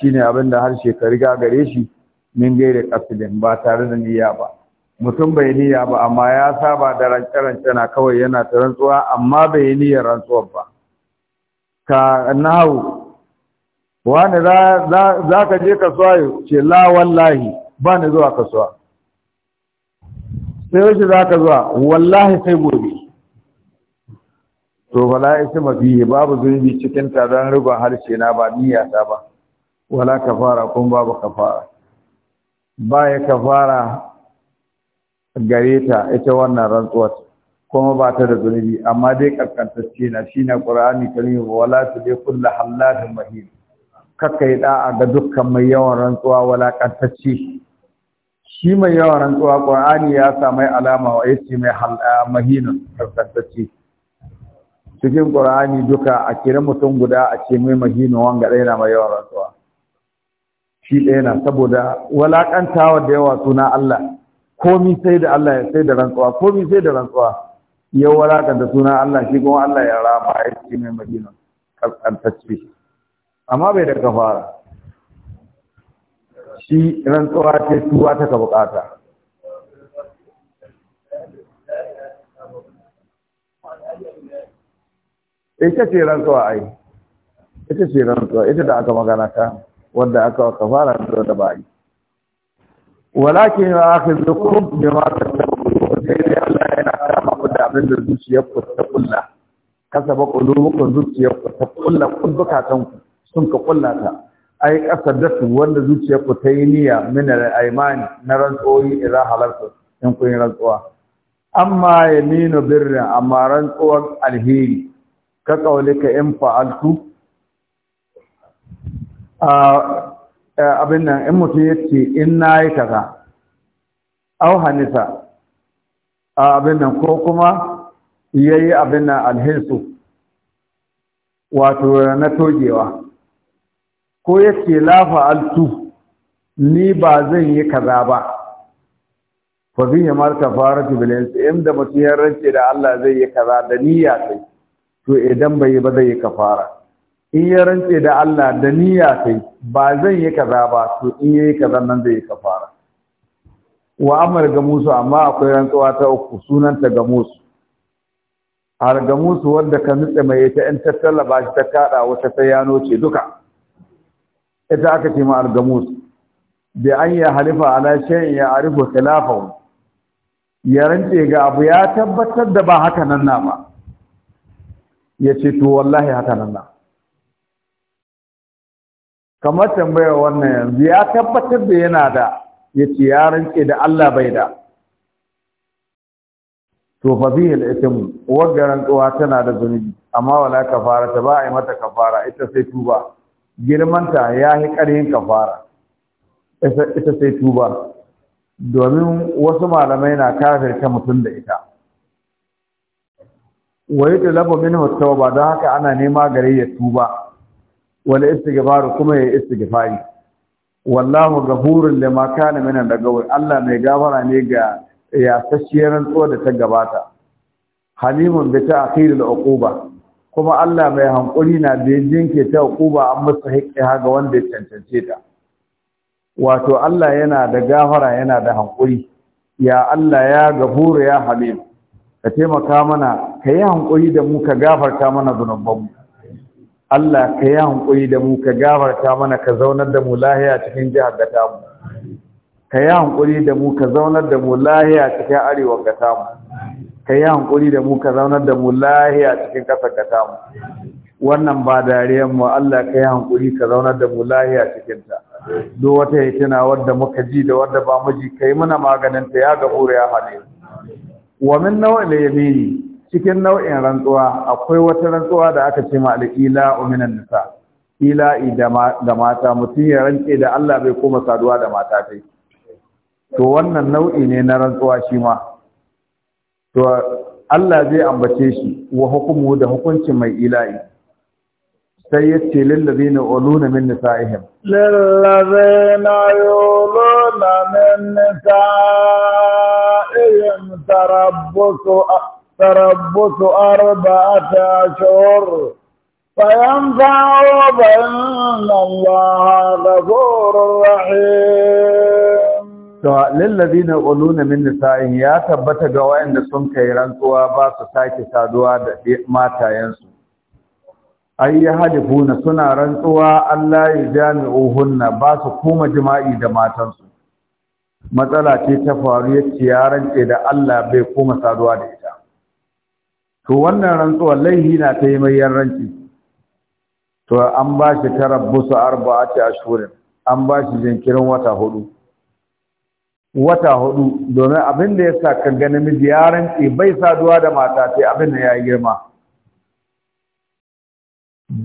shi ne abinda harshe ka riga gare shi min gaire qasidin ba tare da niyya ba mutum bai niyya ba amma ya saba da rance-rance na kawai yana ta rantsuwa amma bai niyya rantsuwar ba ka nahu wani za ka je kasuwa ce la wallahi ba ni zuwa kasuwa sai wace za ka zuwa wallahi sai gobe to bala isi mafi babu zunubi cikin taron rigon harshe na ba niyata ba wala kafara kun babu kafara ba ya kafara gare ta ita wannan rantsuwar kuma ba ta da zunubi amma dai karkantacce na shi na ƙura'ani kalimu wala su dai kulla hallatin mahim kakka yi ɗa'a ga dukkan mai yawan rantsuwa walakantacce shi mai yawan rantsuwa ƙur'ani ya sa mai alama wa ya ce mai eh, mahinun karkantacce cikin ƙur'ani duka a kira mutum guda a ce mai mahinun wanga ɗaya na mai yawan rantsuwa shi ɗaya na saboda walaƙantawa da yawa suna Allah komi sai da Allah ya sai da rantsuwa komi sai da rantsuwa ya da suna Allah shi kuma Allah ya rama a yake mai madina kaskantacce amma bai da kafara shi rantsuwa ce tuwa ta ka bukata ita ce rantsuwa ai ita ce rantsuwa ita da aka magana ta wanda aka fara da da yi walakin ya akhizukum bima tattaqun sai dai Allah abin da zuciyar ku ta kulla kasaba qulubukum zuciyar ku ta kulla kudukatan ku sun ka kulla ta ai kasadatu wanda zuciyar ku ta yi niyya min al-aymani na rantsoyi idza halartu in kun rantsuwa amma yaminu birrin amma rantsuwar alheri ka kaulika in fa'altu abin nan in mutum ya ce in na yi kaza au hanisa A abin nan ko kuma ya yi abin nan alhinsu wato na togewa ko ya ce lafa altu ni ba zan yi kaza ba fa zai yi marta fara tubulensu in da mutum ya rance da Allah zai yi kaza da niyya sai to idan bai yi ba zai yi kafara in ya rance da Allah da niyya sai ba zan yi kaza ba to in yi kaza nan zai yi kafara wa amar gamusu amma akwai rantsuwa ta uku sunanta gamusu har gamusu wanda ka nutse mai ita in ba shi ta kada wata ta yano ce duka ita aka ce ma algamus bi an ya halifa ala shay'in ya arifu khilafahu ya rance ga abu ya tabbatar da ba haka nan na ba ya ce to wallahi haka nan na kamar tambayar wannan yanzu ya tabbatar da yana da ya ce ya rantse da Allah bai da to fa bihi al-ithm rantsuwa tana da zunubi amma wala kafara ta ba a yi mata kafara ita sai tuba girmanta ya yi ƙarhin kafara ita sai tuba domin wasu malamai na ta mutum da ita wai talaba min ba don haka ana nema gare ya tuba wal istighfar kuma ya istighfari wallahu da lima kana minan wai Allah mai gafara ne ga yasasshiyar rantsuwa da ta gabata halimun bi ta'khiril uquba kuma Allah mai hankuri na da jinke ta uquba an masa haƙƙi ga wanda ya cancance ta wato Allah yana da gafara yana da hankuri ya Allah ya gafuru ya halim ka taimaka mana ka hankuri da mu ka gafarta mana zunubanmu Allah ka yi hankuri da mu ka gabarta mana ka zaunar da mu lahiya cikin jihar da tamu ka yi hankuri da mu ka zaunar da mu lahiya cikin arewa ga tamu ka yi hankuri da mu ka zaunar da mu lahiya cikin ƙasa ga tamu wannan ba dariyar mu Allah ka yi hankuri ka zaunar da mu lahiya cikin ta do wata hitina wadda muka ji da wadda ba mu ji kai mana maganin ta ya gabura ya hale wa min ya yamini cikin nau'in rantsuwa akwai wata rantsuwa da aka ce ma al'ila uminan nisa ila'i da mata mutum ya rantse da Allah bai koma saduwa da mata tai to wannan nau'i ne na rantsuwa shi ma to Allah zai ambace shi wa hukumu da hukuncin mai ila'i sai ya ce lillazina uluna min nisa'ihim lillazina yuluna min nisa'ihim tarabbusu التربص أربعة أشهر فينفعوا فإن الله غفور رحيم للذين يقولون من نسائهم يا tabbata ga wayanda sun kai rantsuwa ba su sake saduwa da matayensu ay yahdifuna suna rantsuwa Allah ya jami'uhunna ba su kuma jima'i da matansu matsala ce ta faru yace ya rance da Allah bai kuma saduwa da ita to wannan rantsuwar laihi na ta yi mai yarranci to an ba shi tarabbusu arba'ati ashirin, an ba shi jinkirin wata hudu wata hudu domin abin da ya sa ka ga namiji ya rantsi bai saduwa da mata sai abin da ya yi girma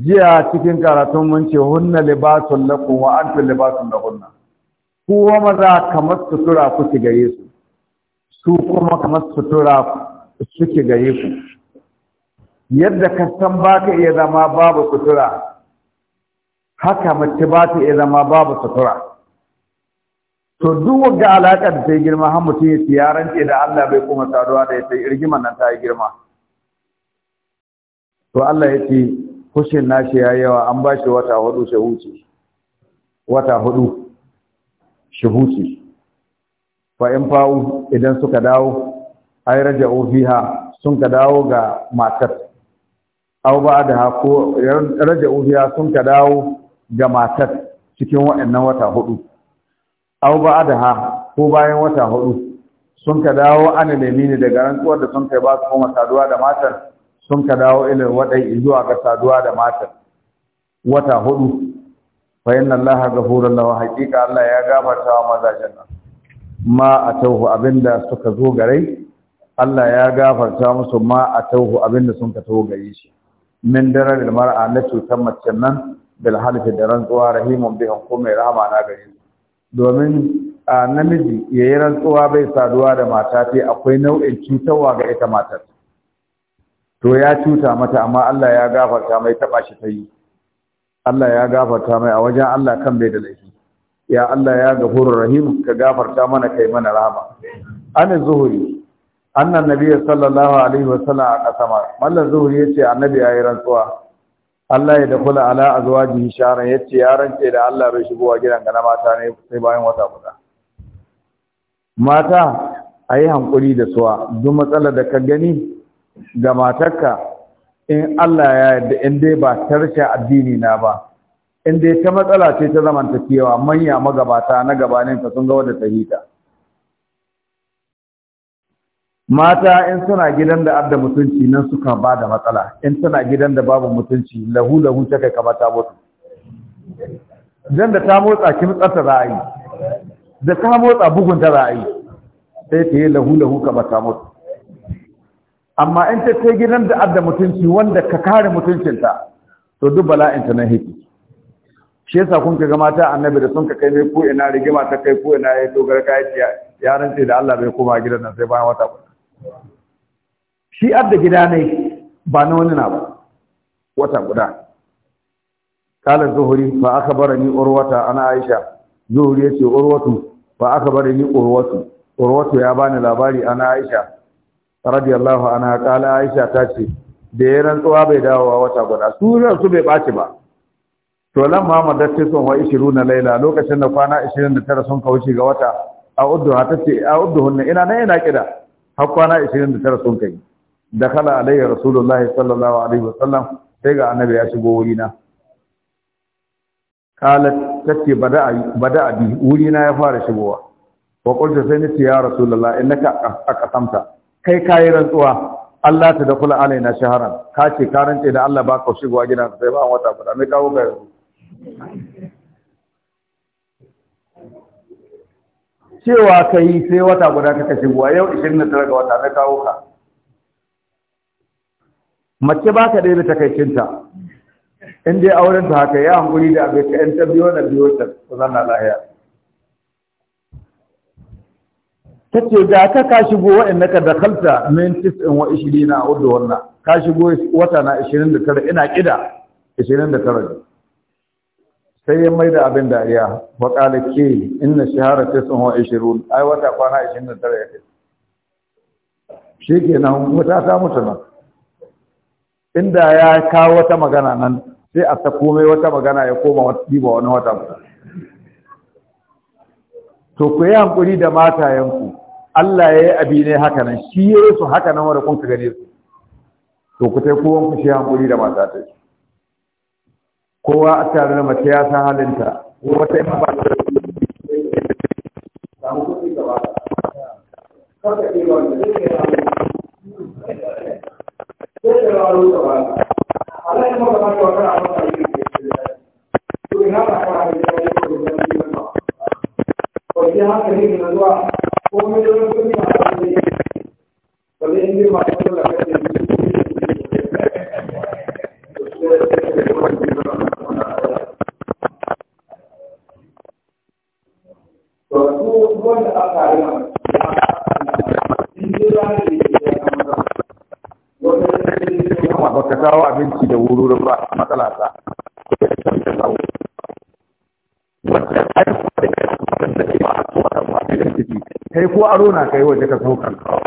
jiya cikin karatun mun ce hunna libasun lakum wa antum libasun lahunna kowa maza kamar sutura kuke gare su su kuma kamar sutura suke gare su yadda ka san ba ka iya zama babu sutura haka mace ba ta iya zama babu sutura to duk wanda alaƙa da ta yi girma har mutum ya tiyaran ce da Allah bai kuma saduwa da ya irgiman nan ta yi girma to Allah ya ce kushin nashi ya yawa an ba shi wata hudu shi huce wata hudu shi huce fa in fa'u idan suka dawo ay raja'u fiha sun ka dawo ga matar au ba da ko raja biya sun ka dawo ga matar cikin waɗannan wata hudu au ba da ko bayan wata hudu sun ka dawo an ne daga rantsuwar da sun kai ba su koma saduwa da matar sun ka dawo ilin wadai zuwa ga saduwa da matar wata hudu fa inna allaha ghafurur rahim haqiqa allah ya gafarta wa mazajen nan ma atauhu abinda suka zo gare Allah ya gafarta musu ma a tauhu abinda sun ka taho gare shi min darar mara'a na cutar mace nan bil da rantsuwa rahimun bihan ko mai rahama na gari. domin a namiji ya yi rantsuwa bai saduwa da mata ta akwai nau'in cutarwa ga ita matar to ya cuta mata amma Allah ya gafarta mai taba shi ta yi Allah ya gafarta mai a wajen Allah kan bai da laifi ya Allah ya gafurur rahim ka gafarta mana kai mana rahama an zuhuri annan nabiya sallallahu alaihi wasallam kasama mallan ya yace annabi yayi rantsuwa Allah ya dakula ala azwajihi shara yace ya rance da Allah bai shigowa gidan ga mata ne sai bayan wata guda mata ayi hankuri da suwa duk matsalar da ka gani ga matarka in Allah ya yarda in dai ba tarshe addini na ba in dai ta matsala ce ta zamantakewa manya magabata na ne ka sun ga wadda ta hita mata in suna gidan da adda mutunci nan suka ba da matsala in suna gidan da babu mutunci lahu lahu ta kai kama ta mutu zan da ta motsa kin tsata ra'ayi da ta motsa bugun ta ra'ayi sai ta yi lahu lahu kama ta mutu amma in ta kai gidan da adda mutunci wanda ka kare mutuncinta to duk bala'in ta na hiki shi yasa kun ga mata annabi da sun ka kai ne ko ina rigima ta kai ko ina ya dogara kai ya ya rantse da Allah bai koma gidan nan sai bayan wata shi adda gida ne ba na wani na ba wata guda kalar zuhuri ba aka bara ni urwata ana aisha zuhuri ce urwatu Ba aka bara ni urwatu urwatu ya bani labari ana aisha radiyallahu ana kala aisha ta ce da ya rantsuwa bai dawowa wata guda su su bai ɓaci ba to lan ma dace sun wa na laila lokacin da kwana 29 sun kauce ga wata a uddu ta ce a uddu hunna ina nan ina kida har kwana 29 sun kai da kala alayya rasulullahi sallallahu alaihi wasallam sai ga annabi ya shigo wuri na kala tace bada bada bi wuri ya fara shigowa wa qultu sai ni ya rasulullahi innaka aqasamta kai kai rantsuwa Allah ta dakula alaina shaharan ka ce ka rantse da Allah ba ka shigowa gidan sai ba wata guda mai kawo ka cewa ka yi sai wata guda ka kashe buwa yau 29 ga wata na kawo ka mace ba ka daina takaicinta in dai auren ta haka ya hankuri da abin ka yan ta biyo na biyo ta na lahiya ta ce da ka ka shigo wa'in ka dakalta min in wa ishirina a hudu wannan ka shigo wata na 29 ina kida 29 sai ya mai da abin dariya wa ƙala ke inna shahara ta sun hau ishirun ai wata kwana ishirin da tara ya kai shi ke nan wata ta mutu nan inda ya kawo wata magana nan sai a ta komai wata magana ya koma ɗiba wani wata to ku yi hankuri da matayenku Allah ya yi abi ne haka nan shi ya yi su haka nan wanda kun ka gane su to ku sai kowanku shi hankuri da matatai kowa a tare da mace ya san halinta wata in ba ta Thank ko aro na kai waje ka so karkawa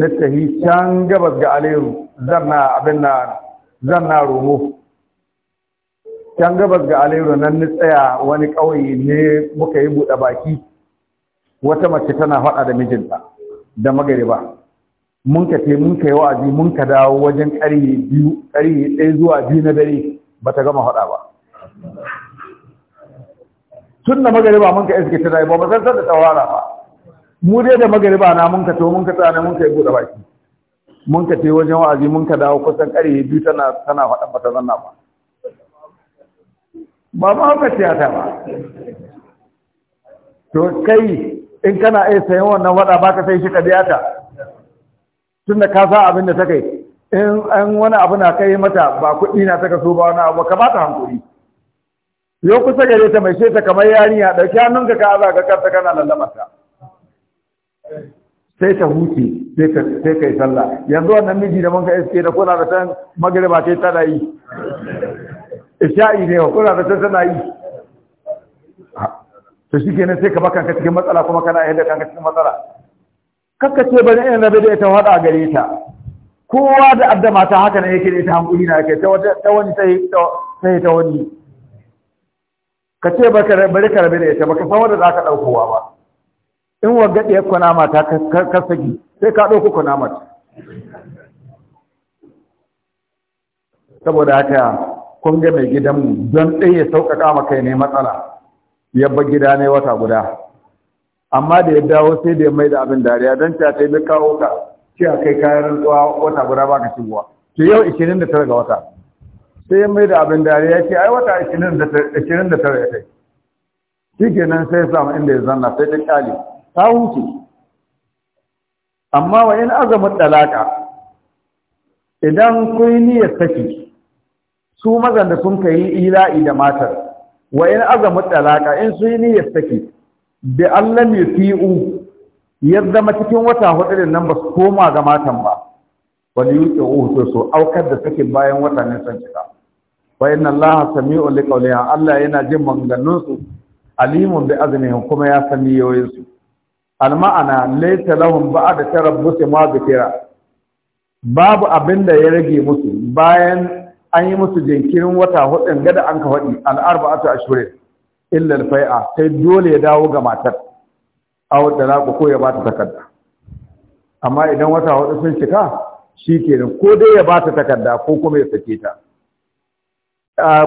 na tahi can gabas ga aleru zanna abin na zanna romo can gabas ga aleru nan ni tsaya wani ƙauye ne muka yi buɗe baki wata mace tana faɗa da mijinta da magariba mun ka te mun ka yi wa'azi mun ka dawo wajen ƙarye biyu ƙarye ɗaya zuwa biyu na dare ba ta gama faɗa ba tun da magariba mun ka iske ta ba ba san da tawara ba mu dai da magariba na mun ka to mun ka tsana mun ka yi buɗe baki mun ka wajen wa'azi mun ka dawo kusan ƙarfe biyu tana tana faɗan bata zanna ba ba ma haka tiyata ba to kai in kana iya sayan wannan waɗa ba ka sai shi ka biya ta tun da ka sa abin da ta kai in an wani abu na kai mata ba kuɗi na taka so ba wani abu ka ba ta hankuri yau kusa gare ta mai ta kamar yarinya ɗauki hannunka ka aza ka karta kana lallamarta sai ta huce sai ka yi sallah yanzu wannan miji da manka iske da kuna da can magariba ce tana yi isha'i ne wa kuna da can tana yi to shi ke nan sai ka bakanka cikin matsala kuma kana yadda kanka cikin matsala kakka ce bari in rabe da ita a gare ta kowa da addama ta haka ne yake da ita hankuli na yake ta wani sai ta wani ka ce bari ka rabe da ita ka san wanda za ka ɗaukowa ba in wagga ɗaya kunama ta kasagi sai ka ɗauku kunama saboda haka kun ga mai gidanmu don ɗaya ya sauƙaƙa ma kai ne matsala yabba gida ne wata guda amma da ya dawo sai da ya mai da abin dariya don ta ta yi kawo ka ce a kai kayan rantsuwa wata guda ba ka shigowa to yau 29 ga wata sai ya mai da abin dariya ce ai wata 29 ya kai shi kenan sai ya samu inda ya zanna sai ta kyale ta huce amma wa in azamin talaka idan kun niyyar saki su mazan da sun kai ila'i da matar wa in azamin talaka in sun yi niyyar saki bi allam fi'u ya zama cikin wata hudu da nan ba su koma ga matan ba wani yuke uhu so aukar da sakin bayan wata ne san cika wa inna allaha sami'un liqawliha allah yana jin maganganun su alimun bi azmihim kuma ya sani niyoyin su alma'ana laysa lahum ba'da tarabbusi ma bikira babu abin da ya rage musu bayan an yi musu jinkirin wata hudun gada an ka hudi al'arba'atu ashhurin illa al-fai'a sai dole ya dawo ga matar aw talaqu ko ya ba ta amma idan wata hudu sun cika shikenan ko dai ya bata ta takarda ko kuma ya sake ta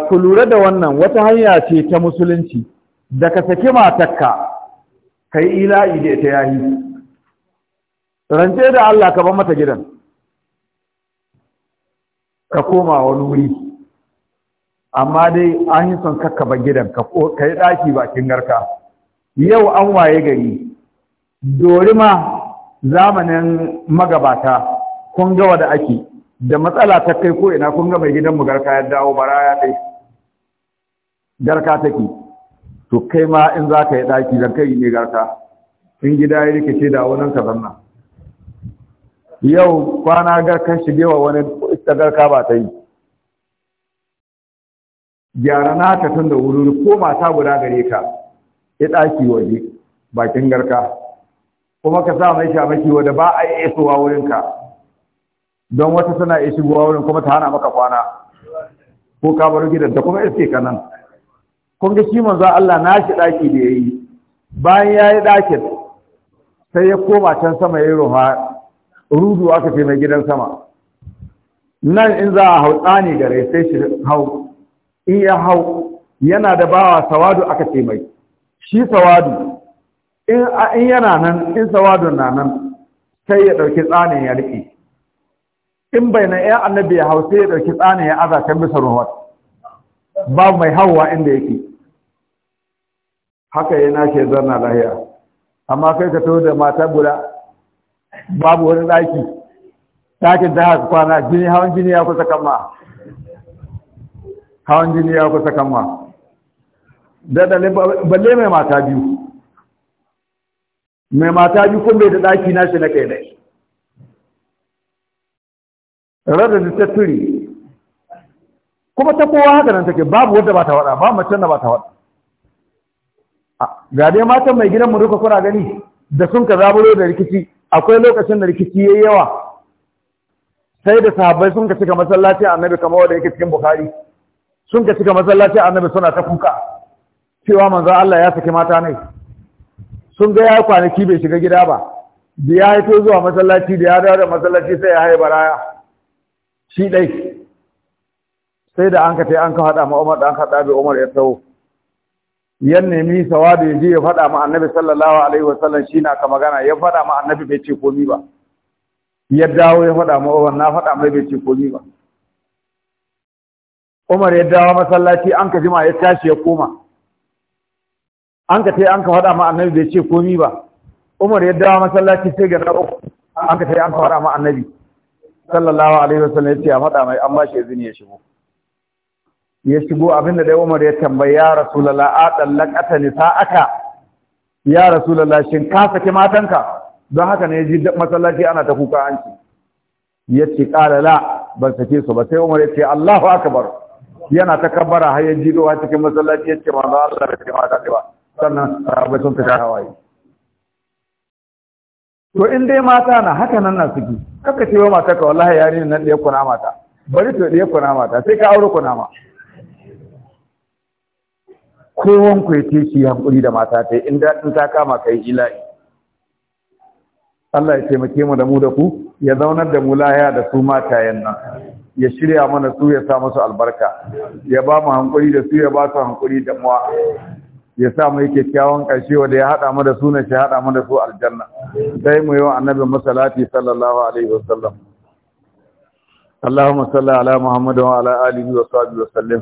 ku lura da wannan wata hanya ce ta musulunci da ka saki matarka Ka yi ila'i da ita yayi rance da Allah ka bar mata gidan ka koma wani wuri amma dai an yi son kakkaba gidan ka yi ɗaki bakin garka yau an waye gari dorima zamanin magabata kun ga da ake da matsala ta kai ko ina kun ga mai gidan mu garka ya dawo bara ya kai garka take to kai ma in za ka yi ɗaki zan kai ne garka, in gida ya rikice da wani ka zanna yau kwana shige shigewa wani ita garka ba ta yi gyara na ka tun da wuri ko mata guda gare ka ya ɗaki waje bakin garka kuma ka sa mai shamaki wadda ba a yi isowa wurinka don wata suna iya shigowa wurin kuma ta hana maka kwana ko ka bar gidan da kuma iske ka nan kun ga shi manzo Allah na shi daki da yayi bayan yayi dakin sai ya koma can sama yayi ruha rudu aka ce mai gidan sama nan in za a hau tsani gare sai shi hau in ya hau yana da bawa sawadu aka ce mai shi sawadu in yana nan in sawadu na nan sai ya ɗauki tsanin ya riƙe in bai na ya annabi ya hau sai ya ɗauki tsanin ya aza kan bisa babu mai hauwa inda yake haka yana ke zarna lahiya amma kai ka to da mata guda babu wani ɗaki ɗakin da haka kwana jini hawan jini ya kusa kama hawan jini ya kusa kama da balle mai mata biyu mai mata biyu kun bai da ɗaki na shi na kai dai rada da ta turi kuma ta kowa haka nan take babu wanda ba ta wada ba macen da ba ta wada ga dai matan mai gidan mu duka kuna gani da sun ka zaburo da rikici akwai lokacin da rikici yayi yawa sai da sahabbai sun ka cika masallaci annabi kamar wanda yake cikin bukhari sun ka cika masallaci annabi suna ta kuka cewa manzon Allah ya saki mata ne sun ga ya kwanaki bai shiga gida ba da ya haito zuwa masallaci da ya dawo da masallaci sai ya haye baraya shi dai sai da an ka tai an ka hada ma Umar da an ka hada bi Umar ya tawo yan nemi sawabi ya je ya faɗa ma annabi sallallahu alaihi wa sallam shi na ka magana ya faɗa ma annabi bai ce komi ba ya dawo ya faɗa ma Umar na faɗa mai bai ce komi ba Umar ya dawo masallaci an ka jima ya tashi ya koma an ka tai an ka faɗa ma annabi bai ce komi ba Umar ya dawo masallaci sai ga uku an ka tai an ka faɗa ma annabi sallallahu alaihi wa sallam ya ce a faɗa mai an ba shi izini ya shigo ya shigo abinda dai Umar ya tambayi ya Rasulullah a dallakata nisa'aka ya Rasulullah shin ka saki matanka don haka ne ji masallaci ana ta kuka ya ce kala la ban sake su ba sai Umar ya ce Allahu akbar yana ta kabbara har ya ji a cikin masallaci yace ma za Allah da jama'a da ba sannan sahabbai sun fita hawaye to in dai mata na haka nan na suke kaka ce wa mata ka wallahi yarinyar nan da ya kuna mata bari to da ya kuna mata sai ka aure kuna mata kowan ku yi shi hankuri da mata ta in daɗin ta kama kai ila'i Allah ya taimake mu da mu da ku ya zaunar da mu lahiya da su mata nan ya shirya mana su ya sa musu albarka ya ba mu hankuri da su ya ba su hankuri da mu ya sa mu kyakkyawan ƙarshe wanda ya haɗa mu da su na shi haɗa mu da su aljanna Zai mu yi wa annabi masalati sallallahu alaihi wasallam اللهم صل على محمد وعلى اله وصحبه وسلم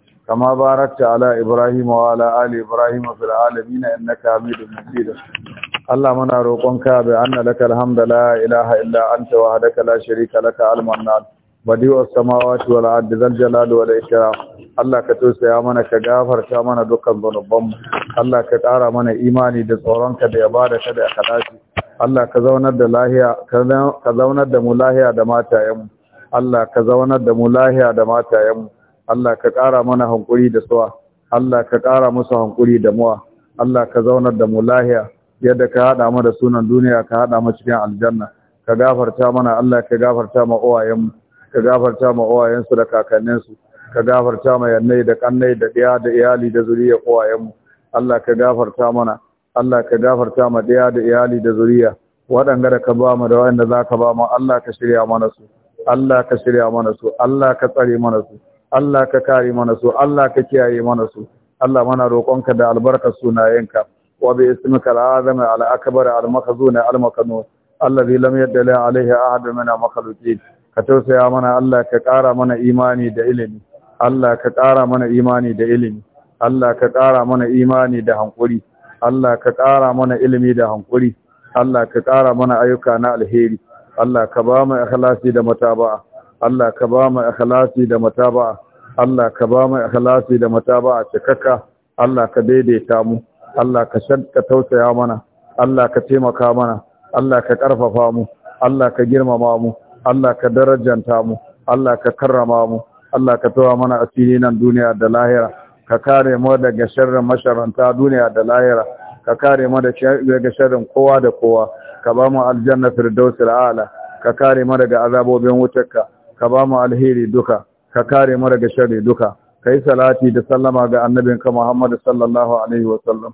كما باركت على إبراهيم وعلى آل إبراهيم في العالمين na حميد مجيد اللهم نروقك بأن لك ilaha لا إله إلا أنت وحدك لا شريك لك المنان بديع السماوات والأرض ذا الجلال والإكرام Allah ka tausaya mana ka gafarta mana dukkan zanubanmu Allah ka ƙara mana imani da tsoronka da yaba da ka da kadashi Allah ka da lahiya Allah ka zaunar da mu lahiya da matayenmu Allah ka ƙara mana hankuri da suwa Allah ka ƙara musu hankuri da muwa Allah ka zaunar da mu lahiya yadda ka haɗa mu da sunan duniya ka haɗa mu cikin aljanna ka gafarta mana Allah ka gafarta ma uwayenmu ka gafarta ma uwayensu da kakanninsu ka gafarta ma yannai da kannai da ɗiya da iyali da zuriya uwayenmu Allah ka gafarta mana Allah ka gafarta ma ɗaya da iyali da zuriya Waɗanga da ka ba mu da waɗanda za ka ba mu Allah ka shirya mana su Allah ka shirya mana su Allah ka tsare mana su Allah ka kare mana su Allah ka kiyaye mana su Allah mana roƙonka da albarkar sunayenka wa bi ismika al-azam al-akbar al-makhzun al-makanun alladhi lam yadli alayhi ahad min makhluqin ka tausaya mana Allah ka ƙara mana imani da ilimi Allah ka ƙara mana imani da ilimi Allah ka ƙara mana imani da hankuri Allah ka ƙara mana ilimi da hankuri Allah ka ƙara mana ayyuka na alheri Allah ka ba mu ikhlasi da mutaba'a Allah ka ba mu ikhlasi da mataba'a Allah ka ba mu ikhlasi da mataba'a cikakka Allah ka daidaita mu Allah ka shadda tausaya mana Allah ka taimaka mana Allah ka karfafa mu Allah ka girmama mu Allah ka darajanta mu Allah ka karrama mu Allah ka tawa mana asiri nan duniya da lahira ka kare mu daga sharrin masharanta duniya da lahira ka kare mu daga sharrin kowa da kowa ka ba mu aljanna firdausil a'la ka kare mu daga azabobin wutarka ka ba mu alheri duka ka kare mu daga sharri duka kai salati da sallama ga annabinka Muhammad sallallahu alaihi